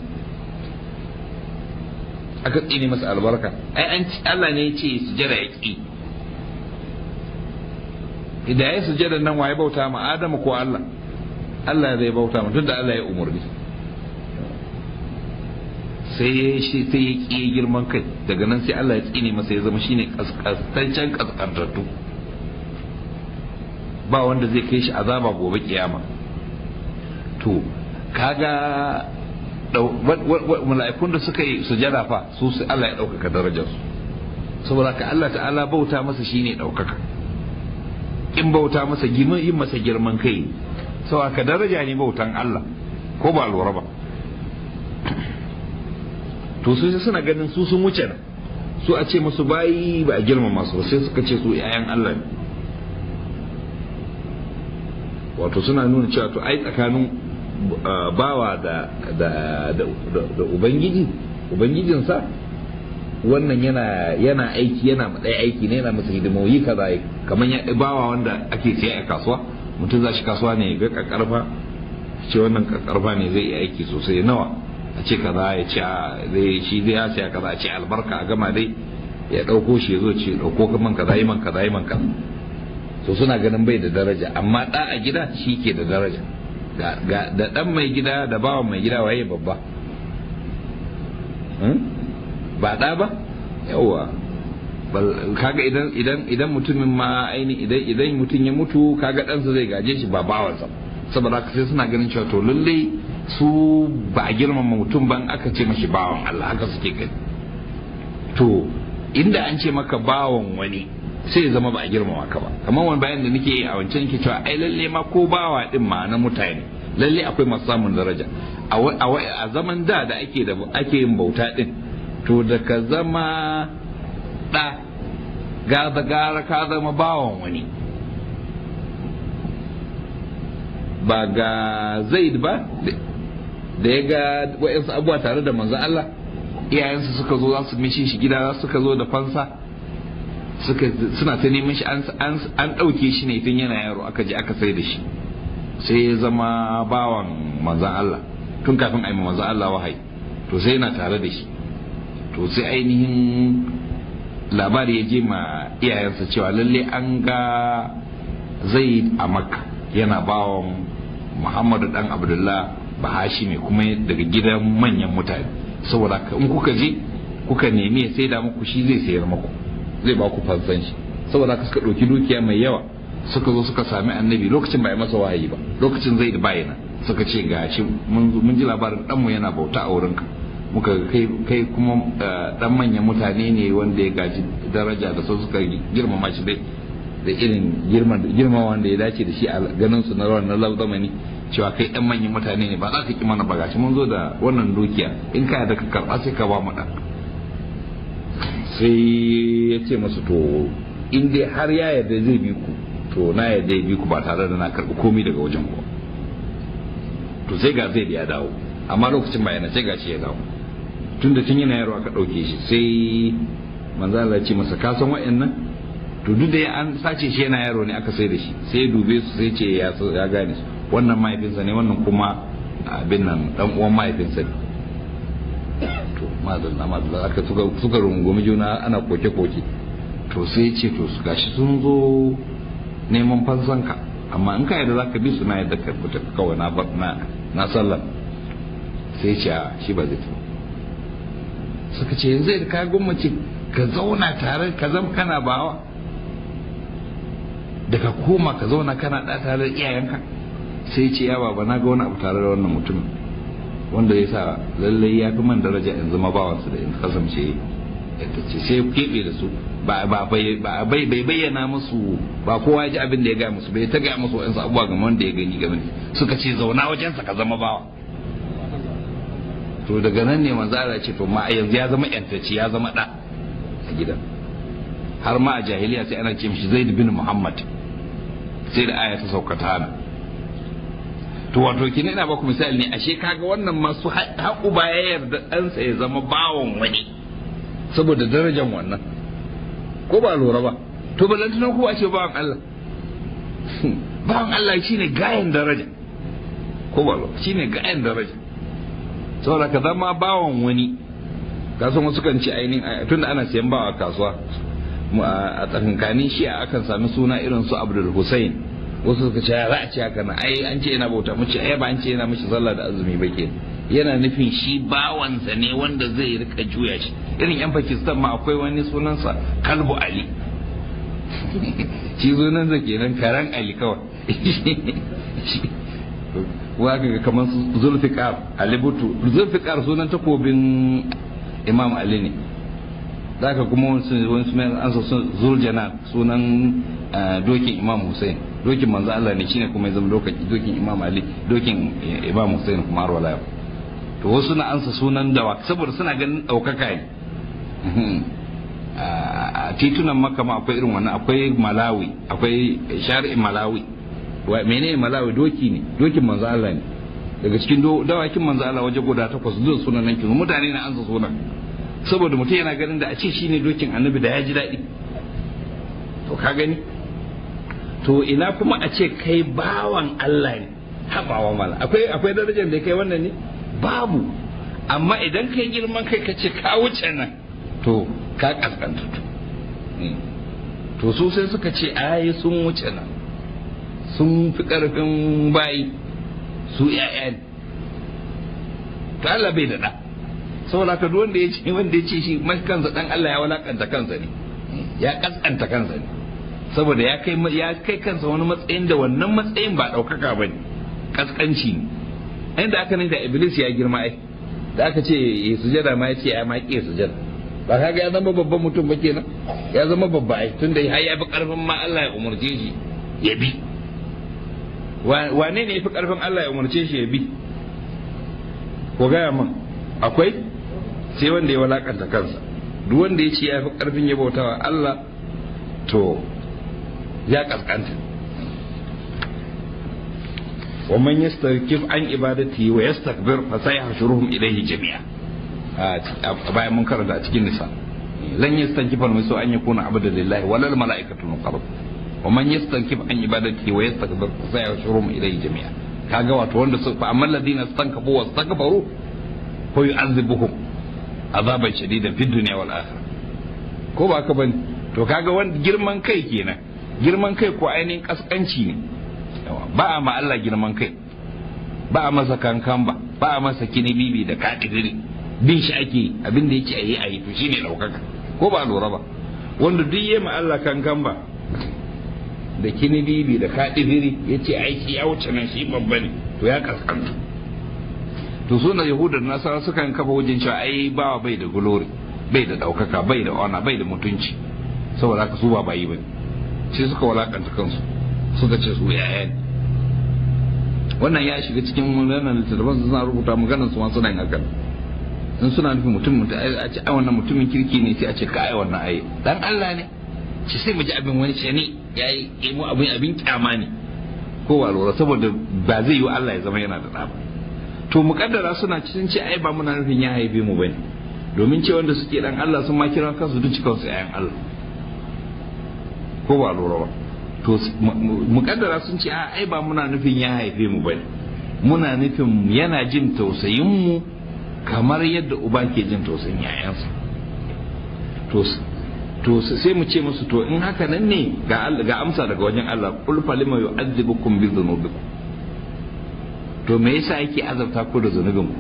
aka tsine masa albarka ai an Allah ne ya ce jira ya ki idan ya sujada nan waye bauta ma Adamu ko Allah Allah zai bauta ma tunda Allah ya umurni sai ya shi sai ya ƙi girman kai daga nan sai Allah ya tsine masa ya zama shine kaskantaccen kaskantattu ba wanda zai kai shi azaba gobe kiyama to kaga mala'ikun da suka yi sujada fa su sai Allah ya ɗaukaka darajarsu saboda ka Allah ta'ala bauta masa shine ɗaukaka in bauta masa gimin yin masa girman kai saboda ka daraja ne bautan Allah ko ba lura ba to su suna ganin su sun wuce nan su a ce musu bayi ba a girmama su sai suka ce su 'ya'yan Allah ne wato suna nuna cewa to ai tsakanin bawa da da ubangiji ubangijinsa wannan yana yana aiki yana matsayi aiki ne yana masa hidimoyi kaza kamar ya bawa wanda ake siya a kasuwa mutum za shi kasuwa ne ga karfa ce wannan karfa ne zai yi aiki sosai nawa a ce kaza ya ce zai shi zai ya saya kaza a ce albarka a gama dai ya ɗauko shi zo ce ɗauko man kaza yi man kaza yi man kaza to suna ganin bai da daraja amma ɗa a gida shi ke da daraja da ɗan mai gida da bawan mai gida waye babba hmm? ba ɗa ba yawa kaga idan idan idan mutumin ma aini idan idan mutum ya mutu kaga ɗansa zai gaje shi ba bawansa saboda haka sai suna ganin cewa to lallai su ba a girmama mutum ban aka ce mashi bawan Allah haka suke gani to inda an ce maka bawan wani sai zama ba a girmama ka ba kamar wani bayan da nake a wancan ke cewa ai lalle ma ko bawa din ma na mutane lalle akwai masu samun daraja a zaman da da ake da ake yin bauta din to da ka zama da gaza gara ka zama bawan wani ba ga zaid ba da ya ga wa'yansu abuwa tare da manzan Allah iyayensu suka zo za su mishi shi gida suka zo da fansa suna ta neman shi an ɗauke shi ne tun yana yaro aka je aka sai da shi sai ya zama bawan manzan Allah tun kafin ma manzan Allah wahayi to sai yana tare da shi to sai ainihin labari ya je ma iyayensa cewa lalle an ga zai a makka yana bawan muhammadu dan abdullah bahashi ne kuma daga gidan manyan mutane saboda in kuka je kuka nemi ya saida muku shi zai sayar muku zai ba ku fansan shi saboda ka suka ɗauki dukiya mai yawa suka zo suka sami annabi lokacin ba ya masa wahayi ba lokacin zai bayana suka ce ga shi mun ji labarin ɗanmu yana bauta a ka muka kai kai kuma dan eh, manyan mutane ne wanda ya gaji daraja da su suka girmama shi dai da irin girma wanda ya dace da shi a ganin su na rawar na zamani cewa kai ɗan manyan mutane ne ba za ka ki mana ba gashi mun zo da wannan dukiya in ka da ka karɓa sai ka ba mu ɗan sai ya ce masa to in dai har ya yarda zai bi ku to na yarda ya bi ku ba tare da na karɓi komai daga wajen ku to sai ga zai ya dawo amma lokacin bayana sai ga shi ya dawo tun da tun yana yarwa ka ɗauke shi sai ya ce masa ka san wa'annan to duk da ya an sace shi yana yaro ne aka sai da shi sai dube su sai ce ya gane su wannan mahaifinsa ne wannan kuma abin nan dan uwan mahaifinsa ne to mazalla mazalla aka suka suka rungumi juna ana koke koke to sai ce to su gashi sun zo neman ka amma in ka yadda zaka bi su na yadda ka fita kawai na na na sallan sai ce shi ba zai suka ce yanzu da ka ce ka zauna tare ka zama kana bawa daga koma ka zauna kana da tare da iyayenka sai ce ya baba na ga wani abu tare da wannan mutum wanda ya sa lallai ya fi man daraja yanzu ma bawansu da in kasance ce sai ya keɓe da su ba bai bayyana musu ba kowa ji abin da ya gaya musu bai ta gaya musu wa'insu abubuwa game wanda ya gani gani suka ce zauna wajensa ka zama bawa to daga nan ne manzo Allah ce to ma yanzu ya zama yantacci ya zama da a gidan har ma a jahiliya sai ana ce mishi Zaid bin Muhammad sai da aya ta sauka ta to wato kina ina baku misali ne ashe kaga wannan masu haƙu ba ya yarda ɗansa ya zama bawon wani saboda darajar wannan ko ba lura ba to ba lantana ku a ce bawan Allah hmm, bawan Allah shine gayan daraja ko ba shine gayan daraja saboda ka zama bawan wani kasan wasu kan ci ainihin tunda ana siyan bawa kasuwa a tsakankanin shi akan sami suna irin su Abdul Hussein wasu suka ce za a ce haka na ai an ce yana bauta mu ce ai ba an ce yana mishi sallah da azumi ba ke yana nufin shi bawansa ne wanda zai rika juya shi irin yan pakistan ma akwai wani sunansa kalbu ali (laughs) shi sunansa kenan karan ali kawai (laughs) waka ga kamar zulfikar alibutu zulfikar sunan takobin imam ali ne zaka kuma wani sunan zuljana eh, sunan dokin imam hussein dokin manzo Allah ne shine kuma ya zama dokin dokin Imam Ali dokin eh, Imam Hussein kuma har wala to wasu na ansa sunan dawa saboda suna ganin daukaka ne hmm. a titunan makka ma akwai irin wannan akwai Malawi akwai shari'in Malawi Wa menene Malawi doki ne dokin manzo Allah ne daga cikin dawakin manzo Allah waje guda takwas duk sunan nan kinu mutane na ansa sunan saboda mutum yana ganin da a ce shine dokin annabi da ya ji daɗi to ka gani to ina kuma a ce kai bawan Allah ne haɓawa mala akwai akwai darajar da kai wannan ne babu amma idan kai girman kai ka ce ka wuce nan to ka kaskanta to hmm. to su sai suka ce ai sun wuce nan sun fi ƙarfin bayi su ‘ya'ya ne Allah bai da saboda ka wanda ya ce wanda ya ce shi kansa ɗan Allah ya walakanta kansa ne hmm. ya kaskanta kansa ne saboda ya kai ya kai kansa wani matsayin da wannan matsayin ba ɗaukaka ba ne ƙasƙanci ne inda aka ninka iblis ya girma ai da aka ce ya sujada ma ya ce ya ma ƙi sujada ba kaga ya zama babban mutum ba kenan ya zama babba ai tunda ya ya fi ƙarfin ma Allah ya umurce shi ya bi wane ne ya fi ƙarfin Allah ya umurce shi ya bi ko gaya min akwai sai wanda ya walakanta kansa duk wanda ya ce ya fi ƙarfin ya bautawa Allah to ya kaskanta wa man yastarkif an ibadati wa yastakbir fa sayahshuruhum ilayhi jami'a a bayan mun karanta a cikin nisa lan yastankifa mai so an yakuna abada lillahi wa lal malaikatu muqarrab wa man yastankif an ibadati wa yastakbir fa sayahshuruhum ilayhi jami'a kaga wato wanda su fa amma ladina istankafu wa stakbaru fa yu'adhibuhum azaban shadidan fid dunya wal akhirah ko ba ka bane to kaga wanda girman kai kenan girman kai ko ainihin kaskanci ne ba a ma Allah girman kai ba a masa kankan ba ba a masa kinibibi da katibiri bin shi ake abin da yake ayi ayi to shine daukaka ko ba lura ba wanda duk yayi ma Allah kankan ba da kinibibi da katibiri yace shi ya wuce nan shi babba ne to ya kaskanta to suna yahuda na nasara sukan kafa wajen cewa ai bawa bai da glory bai da daukaka bai da ona bai da mutunci saboda haka su ba bayi bane sai suka walakanta kansu suka ce su yaya ne wannan ya shiga cikin wannan littattafan suna rubuta maganar su suna yin hakan in suna nufi mutum mutum a ce ai wannan mutumin kirki ne sai a ce ka wannan ai dan Allah ne ci sai mu ji abin wani ce ne yayi imu abin abin kyama ne ko wa lura saboda ba zai yi Allah ya zama yana da ɗa ba to muqaddara suna cikin ce ai ba muna nufin ya haife mu bane domin ce wanda suke dan Allah sun ma kira kansu duk cikin su ayan Allah ko ba lura ba to mukaddara sun ce a ai ba muna nufin ya haife mu bane muna nufin yana jin tausayin mu kamar yadda uba ke jin tausayin yayansa to to sai mu ce musu to in haka nan ne ga ga amsa daga wajen Allah qul falima yu'adzibukum bi dhunubikum to me yasa yake azabta ku da zunubin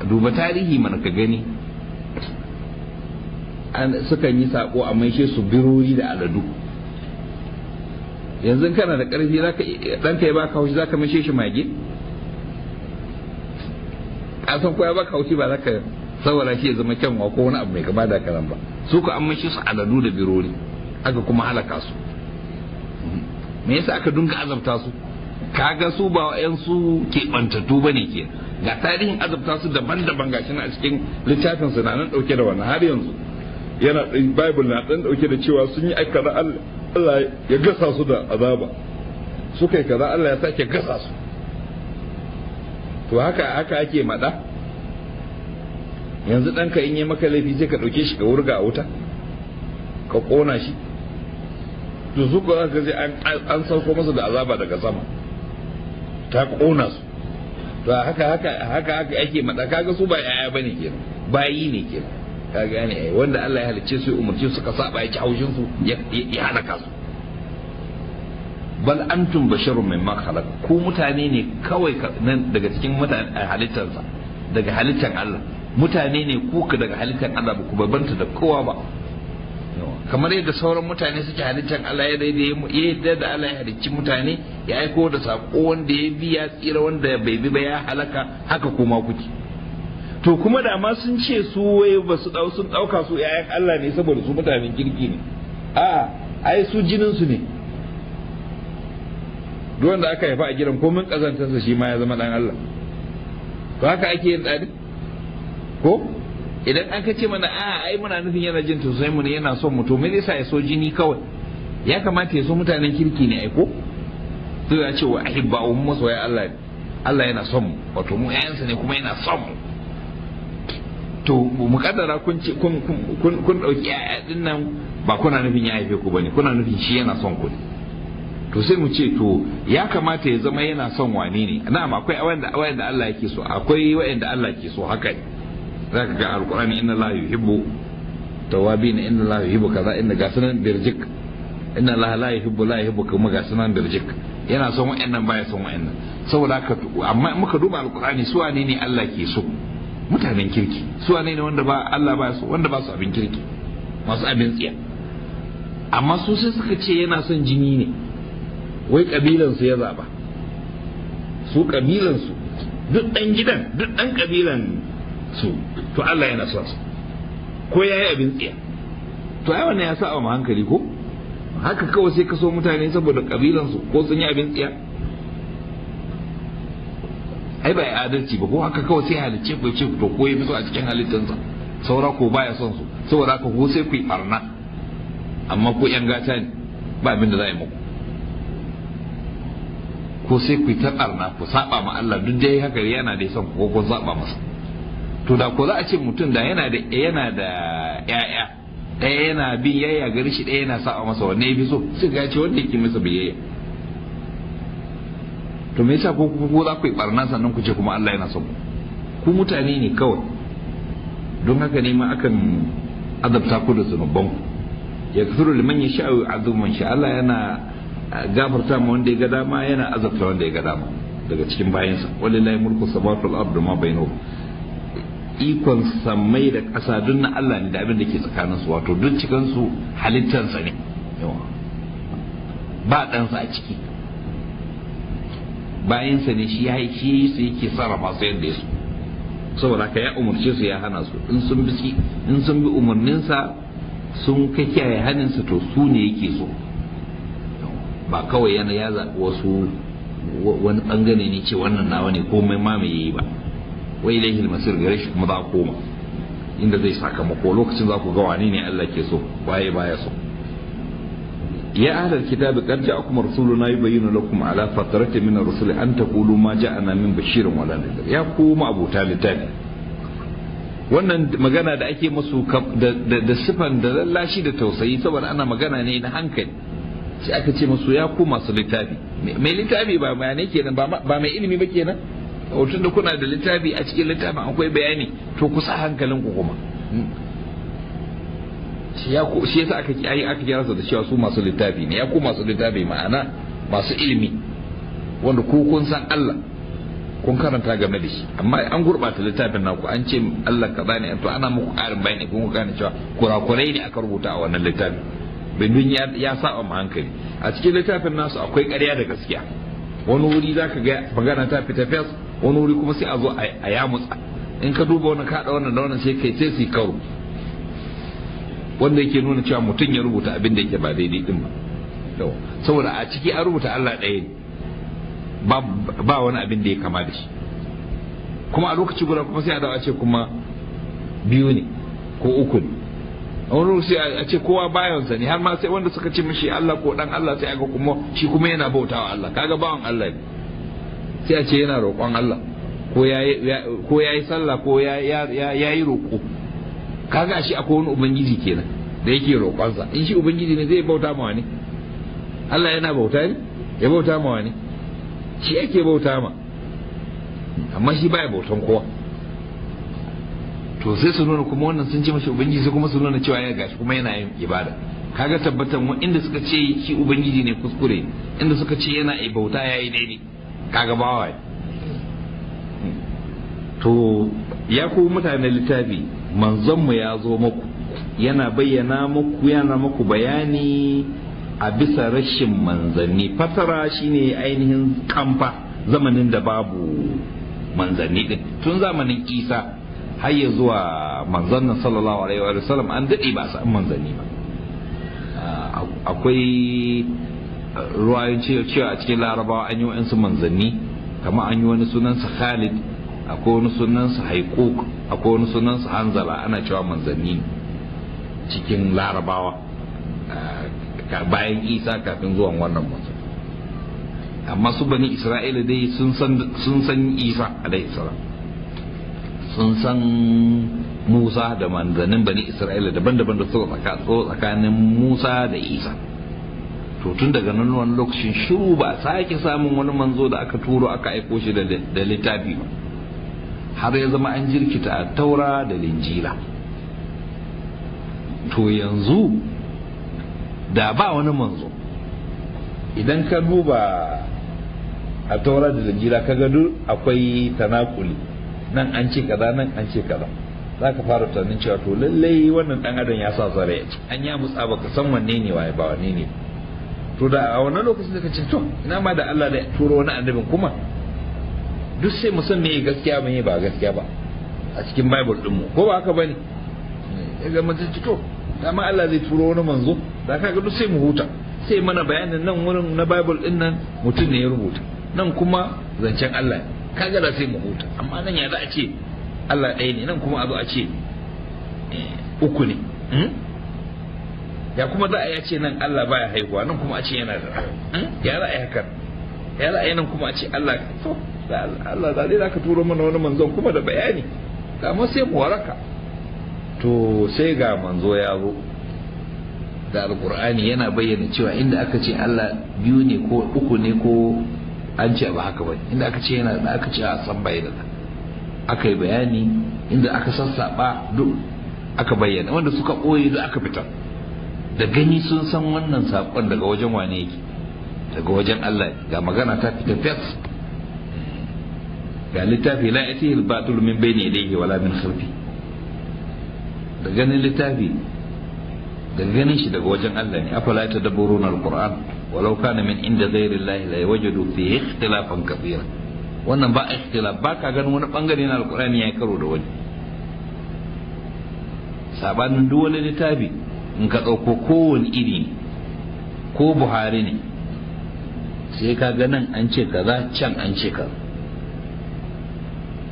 ku duba tarihi mana ka gani an sukan yi sako a maishe su birori da aladu yanzu kana da ƙarfi ka ɗanka ya ka haushi ka mishe shi mage a san ko ya ka haushi ba zaka saboda shi ya zama kyanwa ko wani abu mai gaba da karan ba su ka an mashe su aladu da birori aka kuma halaka su me yasa aka dunga azabta su kaga su ba yan su keɓantattu ba ne ke ga tarihin azabta su daban-daban gashi na cikin littafin su na nan ɗauke da wannan har yanzu yana bible na ɗan ɗauke da cewa sun yi aikata Allah Allah ya gasa su da azaba suka yi kaza Allah ya sake gasa su to haka haka ake mada yanzu ɗanka in yi maka laifi sai ka ɗauke shi ka wurga a wuta ka ƙona shi to su ko zaka ce an sauko masa da azaba daga sama ta ƙona su to haka haka haka ake mada kaga su ba 'ya'ya bane kenan bayi ne kenan ka gane ai wanda Allah ya halicce su umurce suka saba ya ci haushin su ya halaka su bal antum basharun mimma khalaq ku mutane ne kawai nan daga cikin mutane eh, sa daga halittar Allah mutane ne ku daga halittar Allah ba ku babanta da kowa ba kamar yadda sauran mutane suke halittar Allah ya daidai ya yadda da Allah ya halicci mutane ya aiko da sako wanda ya biya tsira wanda bai bi ba ya halaka haka kuma kuke to kuma da ma sun ce su waye ba su dau sun dauka su yayan Allah ne saboda su mutanen kirki ne a ai su jinin su ne duk wanda aka haifa a gidan komin sa shi ma ya zama dan Allah to haka ake yin tsari ko idan an kace mana a ai muna nufin yana jin tausayin mu ne yana son mu to me yasa ya so jini kawai ya kamata ya so mutanen kirki ne ai ko to ya ce wa ahibba'u masoya Allah ne Allah yana son mu wato mu ƴaƴansa ne kuma yana son mu to mu kaddara kun ce kun kun kun dauki din nan ba kuna nufin ya haife ku bane kuna nufin shi yana son ku to sai mu ce to ya kamata ya zama yana son wani ne na'am akwai wanda wanda Allah yake so akwai wanda Allah yake so haka ne zaka ga alqur'ani inna la yuhibbu tawabin inna la yuhibbu kaza inna gasanan birjik inna la la yuhibbu la yuhibbu kuma gasanan birjik yana son wa'annan baya son wa'annan saboda haka amma muka duba alqur'ani su wane ne Allah ke so mutanen kirki su ne ne wanda ba Allah ba su wanda ba su abin kirki masu abin tsiya amma su sai suka ce yana son jini ne wai su ya zaba su su duk dan gidan duk dan kabilan su to Allah yana son su ko yayi abin tsiya to ai wannan ya sa a hankali ko haka kawai sai ka so mutane saboda su ko sun yi abin tsiya ai ba ya adalci ba ko haka kawai sai halicce ku ce to ko ya so a cikin halittansa saura ko baya son su saboda haka ko sai ku yi barna amma ko yan gata ne ba abin da za a yi muku ko sai ku yi ta barna ku saba ma Allah duk dai haka yana da son ko ko saba masa to da ko za a ce mutum da yana da yana da yaya ɗaya yana bin yaya gari shi ɗaya yana saba masa wanne ya fi so sai ga ce wanda yake masa biyayya to me yasa ko ku za ku yi barna sannan ku ce kuma Allah yana son ku mutane ne kawai don haka ne ma akan azabta ku da zunuban ku ya kasuru liman ya sha'u azuman sha Allah yana gafarta ma wanda ya ga dama yana azabta wanda ya ga dama daga cikin sa. wallahi mulku sabatul ardu ma bainahu ikon samai da ƙasa duk na Allah ne da abin da ke tsakanin su wato duk cikin su halittarsa ne ba ɗansa a ciki bayansa ne shi ya haifi su yake sarrafa su yadda su saboda haka ya umarce su ya hana su in sun bi in sun bi umarninsa sun ka kiyaye haninsa to su ne yake so ba kawai yana ya zaɓi wasu wani bangare ne ce wannan nawa ne komai ma mai yi ba wai ilaihi masir gare shi kuma za koma inda zai sakamako lokacin za ku ga wani ne Allah ke so waye baya so يا أهل الكتاب قد جاءكم رسولنا يبين لكم على فترة من الرسل أن تقولوا ما جاءنا من بشير ولا نذير يا قوم أبو طالب wannan magana da ake masu da siffan da lallashi da tausayi saboda ana magana ne na hankali sai aka ce masu ya ku masu littafi mai littafi ba bayanai kenan ba mai ilimi ba kenan hoton da kuna da littafi a cikin littafin akwai bayani to kusa hankalin ku kuma shi ya ko shi yasa aka yi aka da cewa su masu littafi ne ya ko masu littafi ma'ana masu ilimi wanda ku kun san Allah kun karanta game da shi amma an gurbata littafin naku an ce Allah ka bani to ana muku karin bayani kun gane cewa kurakurai ne aka rubuta a wannan littafin bindin ya ya saba mu hankali a cikin littafin nasu akwai ƙarya da gaskiya wani wuri zaka ga magana ta fita fes wani wuri kuma sai a zo a yamutsa in ka duba wani kaɗa wannan da wannan sai kai sai su karo wanda yake nuna cewa mutum ya rubuta abin da yake ba daidai din ba saboda a ciki an rubuta Allah ɗaya ne ba wani abin da ya kama da shi kuma a lokaci guda kuma sai a dawo a ce kuma biyu ne ko uku ne a wani sai a ce kowa bayansa ne har ma sai wanda suka ce mishi Allah ko dan Allah sai aga kuma shi kuma yana bautawa Allah kaga bawan Allah ne sai a ce yana roƙon Allah ko ya yi sallah ko ya roƙo kaga shi akwai wani ubangiji kenan da yake roƙonsa in shi ubangiji ne zai bauta ma wani Allah yana bauta ne ya bauta ma wani shi yake bauta ma amma shi baya bautan kowa to sai su nuna kuma wannan sun ce mashi ubangiji sai kuma su nuna cewa ya gashi kuma yana yin ibada kaga tabbatan inda suka ce shi ubangiji ne kuskure inda suka ce yana bauta ya yi daidai kaga bawa to ya ku mutanen littafi manzonmu ya zo muku yana bayyana muku yana muku bayani a bisa rashin manzanni fatara shine ainihin kamfa zamanin da babu manzanni din tun zamanin isa har ya zuwa manzannin sallallahu alaihi wa sallam an daɗe ba su manzanni ba ah, akwai ruwayoyin cewa a cikin larabawa an yi wa'insu manzanni kamar an yi wani sunansa khalid akwai wani sunansa haikuk akwai wani sunansa hanzala ana cewa manzanni cikin larabawa bayan isa kafin zuwan wannan manzo amma su bani isra'ila dai sun san isa alaihi salam sun san musa da manzannin bani isra'ila daban-daban da suka tsakanin musa da isa to tun daga nan wani lokacin shiru ba sake samun wani manzo da aka turo aka aiko shi da littafi ba har ya zama an jirkita a taura da linjila to yanzu da ba wani manzo idan ka duba a taura da linjila ka gado akwai tanakuli nan an ce kaza nan an ce kaza za ka fara tunanin cewa to lallai wannan dan adam ya sa zare ya ci an ya mutsa ka san wanne ne waye ba wanne ne to da a wannan lokacin da ka ce to ina ma da Allah da turo wani annabin kuma duk sai mu san meye gaskiya meye ba gaskiya ba a cikin bible din mu ko ba haka bane ga mutum to dama Allah zai turo wani manzo da kaga duk sai mu huta sai mana bayanin nan wurin na bible din nan mutum ne ya rubuta nan kuma zancen Allah kaga da sai mu huta amma nan ya za a ce Allah ɗaya ne nan kuma a zo a ce eh, uku ne hmm? ya kuma za a ya ce nan Allah baya haihuwa nan kuma a ce yana da hmm? ya za a yi hakan ya za a yi nan kuma a ce Allah to da Allah da dai aka turo mana wani manzon kuma da bayani amma sai mu waraka to sai ga manzo ya zo da alqur'ani yana bayyana cewa inda aka ce Allah biyu ne ko uku ne ko an ce ba haka ba inda aka ce yana da aka ce a san bai da aka yi bayani inda aka sassaba duk aka bayyana wanda suka koyi duk aka fita da gani sun san wannan sakon daga wajen wane yake daga wajen Allah ga magana ta fita fes ga littafi la yatihi al-batil min bayni yadayhi wala min khalfi da ganin littafi da ganin shi daga wajen Allah ne afala tadabburuna al-qur'an walau kana min inda ghairi Allah la yajadu fihi ikhtilafan kabira wannan ba ikhtilaf ba ka ganin wani bangare na al-qur'ani ya karo da wani sabanin duk wani littafi in ka dauko kowane iri ko buhari ne sai ka ga nan an ce kaza can an ce kaza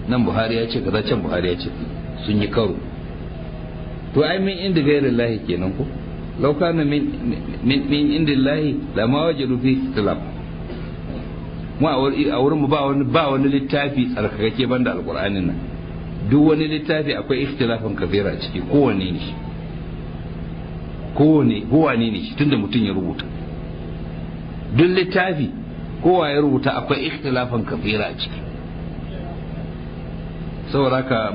nan buhari ya ce kaza can buhari ya ce sun yi karo to ai min inda gairi lahi kenan ko lau kana min min inda lahi la ma waje rufi ikhtilaf mu a wurin mu ba wani ba wani littafi tsarkakake banda alqur'anin nan duk wani littafi akwai ikhtilafin kabira ciki kowane ne kowane kowane ne tunda mutum ya rubuta duk littafi kowa ya rubuta akwai ikhtilafin kabira ciki saboda haka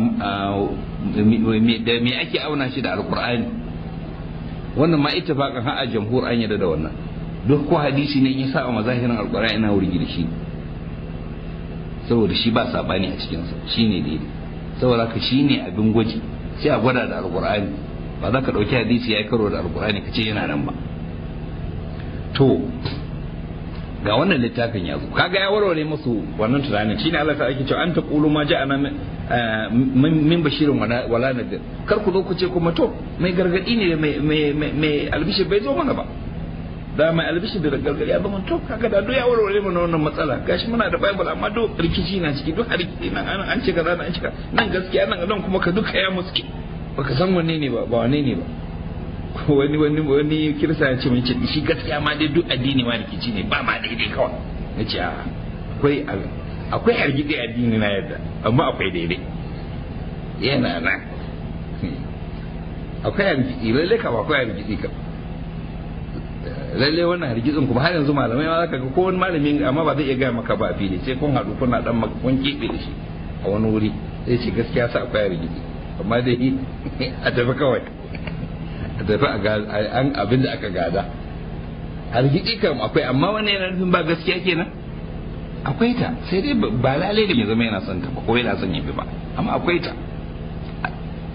da me ake auna shi da alkur'ani wannan ma ita har a jamhur an yarda da wannan duk ko hadisi ne ya sa a mazahirin alkur'ani ina wurgi da shi saboda shi ba sabani a cikin sa shine dai saboda haka shine abin gwaji sai a gwada da alkur'ani ba za ka dauki hadisi ya karo da alkur'ani ka ce yana nan ba to ga wannan littafin ya zo kaga ya warware musu wannan tunanin shi ne Allah ta ake cewa an ta qulu ma ja'ana eh, min bashirin wala nadir kar ku zo ku ce kuma to mai gargadi ne mai mai mai albishir bai zo mana ba da mai albishir da gargadi ya zama to kaga da duk ya warware mana wannan matsala gashi muna da bible amma duk rikici na ciki duk rikici nan an ce kaza an ce nan gaskiya nan kuma ka duka ya muske baka san wanne ne ba ba wanne ne ba wani wani wani kirsa ya ce mai ce shi gaskiya ma dai duk addini ma rikici ne ba ma daidai kawai na ce ah, akwai akwai hargitsi addini na yadda amma akwai daidai yana na akwai hargitsi lalle ka ba akwai hargitsi ka lalle wannan hargitsin kuma har yanzu malamai ma zaka ga ko wani malami amma ba zai iya gaya maka ba fili sai kun haɗu kuna dan kun kebe da shi a wani wuri zai ce gaskiya sa akwai hargitsi amma dai (laughs) a tafi kawai a tafi an abin da aka gada hargitsi kam akwai amma wani yana nufin ba gaskiya kenan akwai ta sai dai ba lalai da mai zama yana son ta ba ko yana son yabi ba amma akwai ta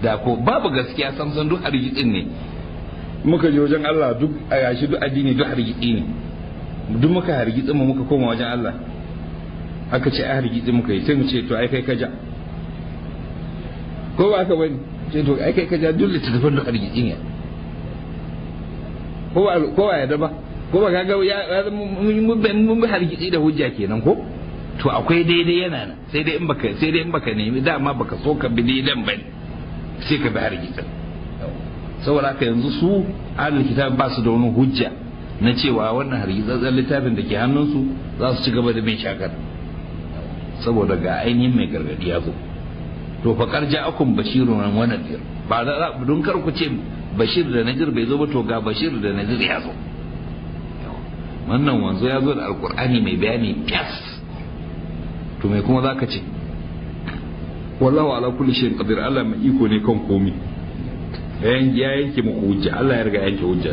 da ko babu gaskiya san san duk hargitsin ne muka je wajen Allah duk a yashi duk addini duk hargitsi ne duk muka hargitsi mu muka koma wajen Allah aka ce ai hargitsi muka yi sai mu ce to ai kai kaja ko ba ka bane ce to ai kai kaja duk littattafan duk hargitsi ne ko ba yarda ba ko ba kaga ya mun bi hargitsi da hujja kenan ko to akwai daidai yana nan sai dai in baka sai dai in baka nemi dama baka so ka bi daidan ba sai ka bi hargitsi saboda haka yanzu su ahlul kitab ba su da wani hujja na cewa wannan hargitsatsar littafin da ke hannunsu za su ci gaba da bin shakar saboda ga ainihin mai gargadi ya zo to faƙar ja'akum bashirun wa nadir ba don kar ku ce bashir da najir bai zo ba to ga bashir da najir ya zo wannan wanzu ya zo da alkur'ani mai bayani fiyas to mai kuma za ka ce wallahu ala kulli shay'in qadir Allah mai iko ne kan komi ya yanke mu hujja Allah ya riga yanke hujja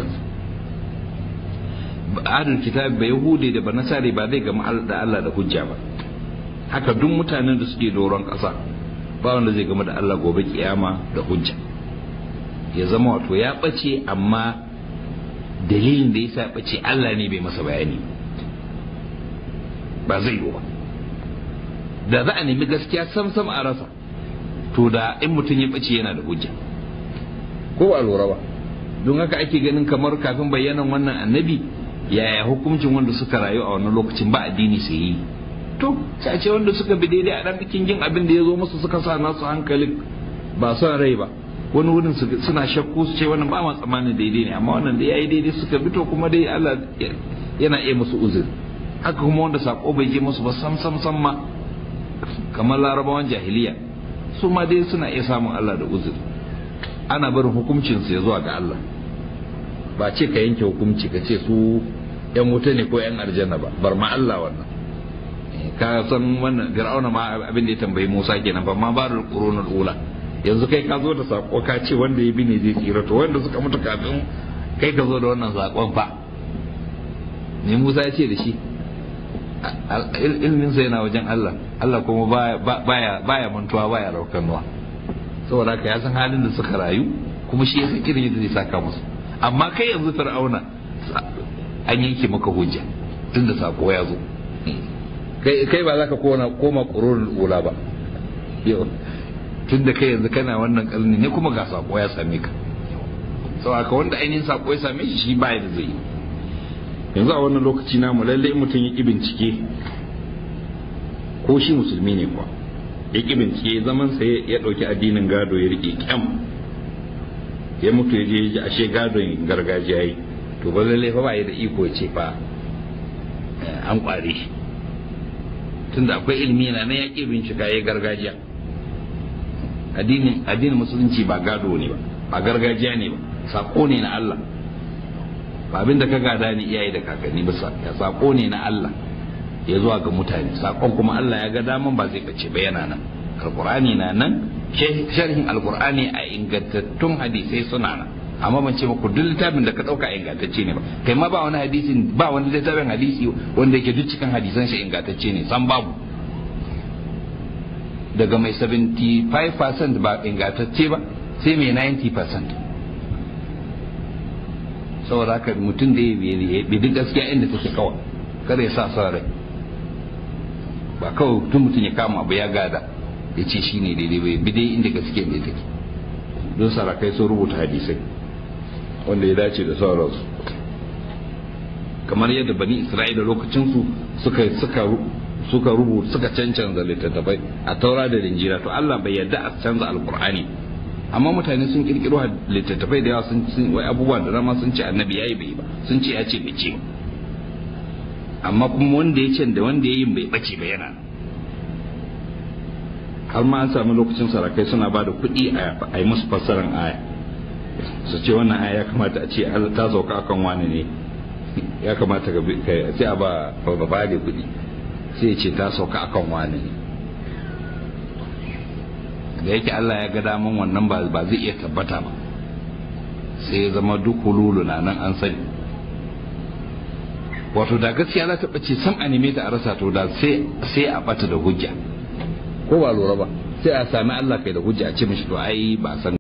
adal kitab bai hude da banasari ba zai gama da Allah da hujja ba haka duk mutanen da suke doron ƙasa ba wanda zai gama da Allah gobe kiyama da hujja ya zama wato ya ɓace amma dalilin da ya sa ɓace Allah ne bai masa bayani ba zai yi ba da za a nemi gaskiya sam sam a rasa to da in mutum ya ɓace yana da hujja ko ba lura ba don haka ake ganin kamar kafin bayyanan wannan annabi yaya hukuncin wanda suka rayu a wannan lokacin ba addini su yi to ce wanda suka bi daidai a ɗan bikin jin abin da ya zo musu suka sa nasu hankalin ba son rai ba wani wurin suna shakku su ce wannan ba ma tsammanin daidai ne amma wannan da yayi daidai suka bi to kuma dai Allah yana iya musu uzuri haka kuma wanda sako bai je musu ba sam sam sam ma kamar larabawan jahiliya su ma dai suna iya samun Allah da uzuri ana barin hukuncinsu ya zuwa ga Allah ba ce ka yanke hukunci ka ce su yan wuta ne ko yan aljanna ba bar ma Allah wannan eh, ka san wannan fir'auna ma abin da ya tambayi Musa kenan ba ma barul qurunul ula yanzu kai ka zo da sako ka ce wanda ya bi ne zai tsira to wanda suka mutu kafin kai ka zo da wannan sakon fa ne Musa ya ce da shi ilminsa yana wajen Allah Allah kuma baya baya mantuwa baya nuwa. saboda ka ya san halin da suka rayu kuma shi ya san irin yadda zai saka musu amma kai yanzu fir'auna an yanke maka hujja tunda sako ya zo kai ba za ka koma koma ƙurorin ula ba tun da kai yanzu kana wannan karni ne kuma ga sako ya same ka sau aka wanda ainihin sako ya same shi shi baya da zai yi yanzu a wannan lokaci mu lalle mutum ya ƙi bincike ko shi musulmi ne kuwa ya ƙi bincike zaman sa ya ɗauki addinin gado ya riƙe ƙyam ya mutu ya je ya ji ashe gadon gargajiya yi to ba lalle fa ba ya da iko ce fa eh, an ƙware tunda akwai ilmi na ya ƙi bincika ya gargajiya addinin addinin musulunci ba gado ne ba ba gargajiya ne ba sako ne na Allah ba abin da ka gada ni iyaye da kakanni ba ya sako ne na Allah ya zuwa ga mutane sakon kuma Allah ya ga daman ba zai bace ba yana nan alqur'ani na nan sharhin alqur'ani a ingantattun hadisai suna nan amma ban ce maku duk littafin da ka dauka ingantacce ne ba kai ma ba wani hadisin ba wani littafin hadisi wanda yake duk cikin hadisan shi ingantacce ne san babu daga mai 75% ba ingantacce ba sai mai 90% da aka mutum da ya bi duk gaskiya inda take kawai kada ya sa sa rai ba kawai tun mutum ya kama abu ya gada ya ce shi ne daidai bai bi dai inda gaskiya ne take don sarakai sun rubuta hadisai wanda ya dace da sauransu kamar yadda bani isra'ila lokacinsu suka suka suka rubu suka cancanza littattafai a taura da linjira to Allah bai yarda a canza alkur'ani amma mutane sun kirkiro littattafai da yawa sun wai abubuwa da dama sun ce annabi yayi bai ba sun ce ya ce bai ce amma kuma wanda ya ce da wanda ya yi bai bace ba yana har ma an sami lokacin sarakai suna ba da kuɗi a yi musu fassarar aya su ce wannan aya ya kamata a ce ta zauka akan wani ne ya kamata ka sai a ba ba kuɗi sai ce ta sauka akan wani da yake Allah ya ga daman wannan ba zai iya tabbata ba sai ya zama duk hululu na nan an sani wato da gaskiya za ta ɓace san a ta a rasa to da sai a ɓata da hujja ko ba lura ba sai a sami Allah kai da hujja a ce mishi to ai ba san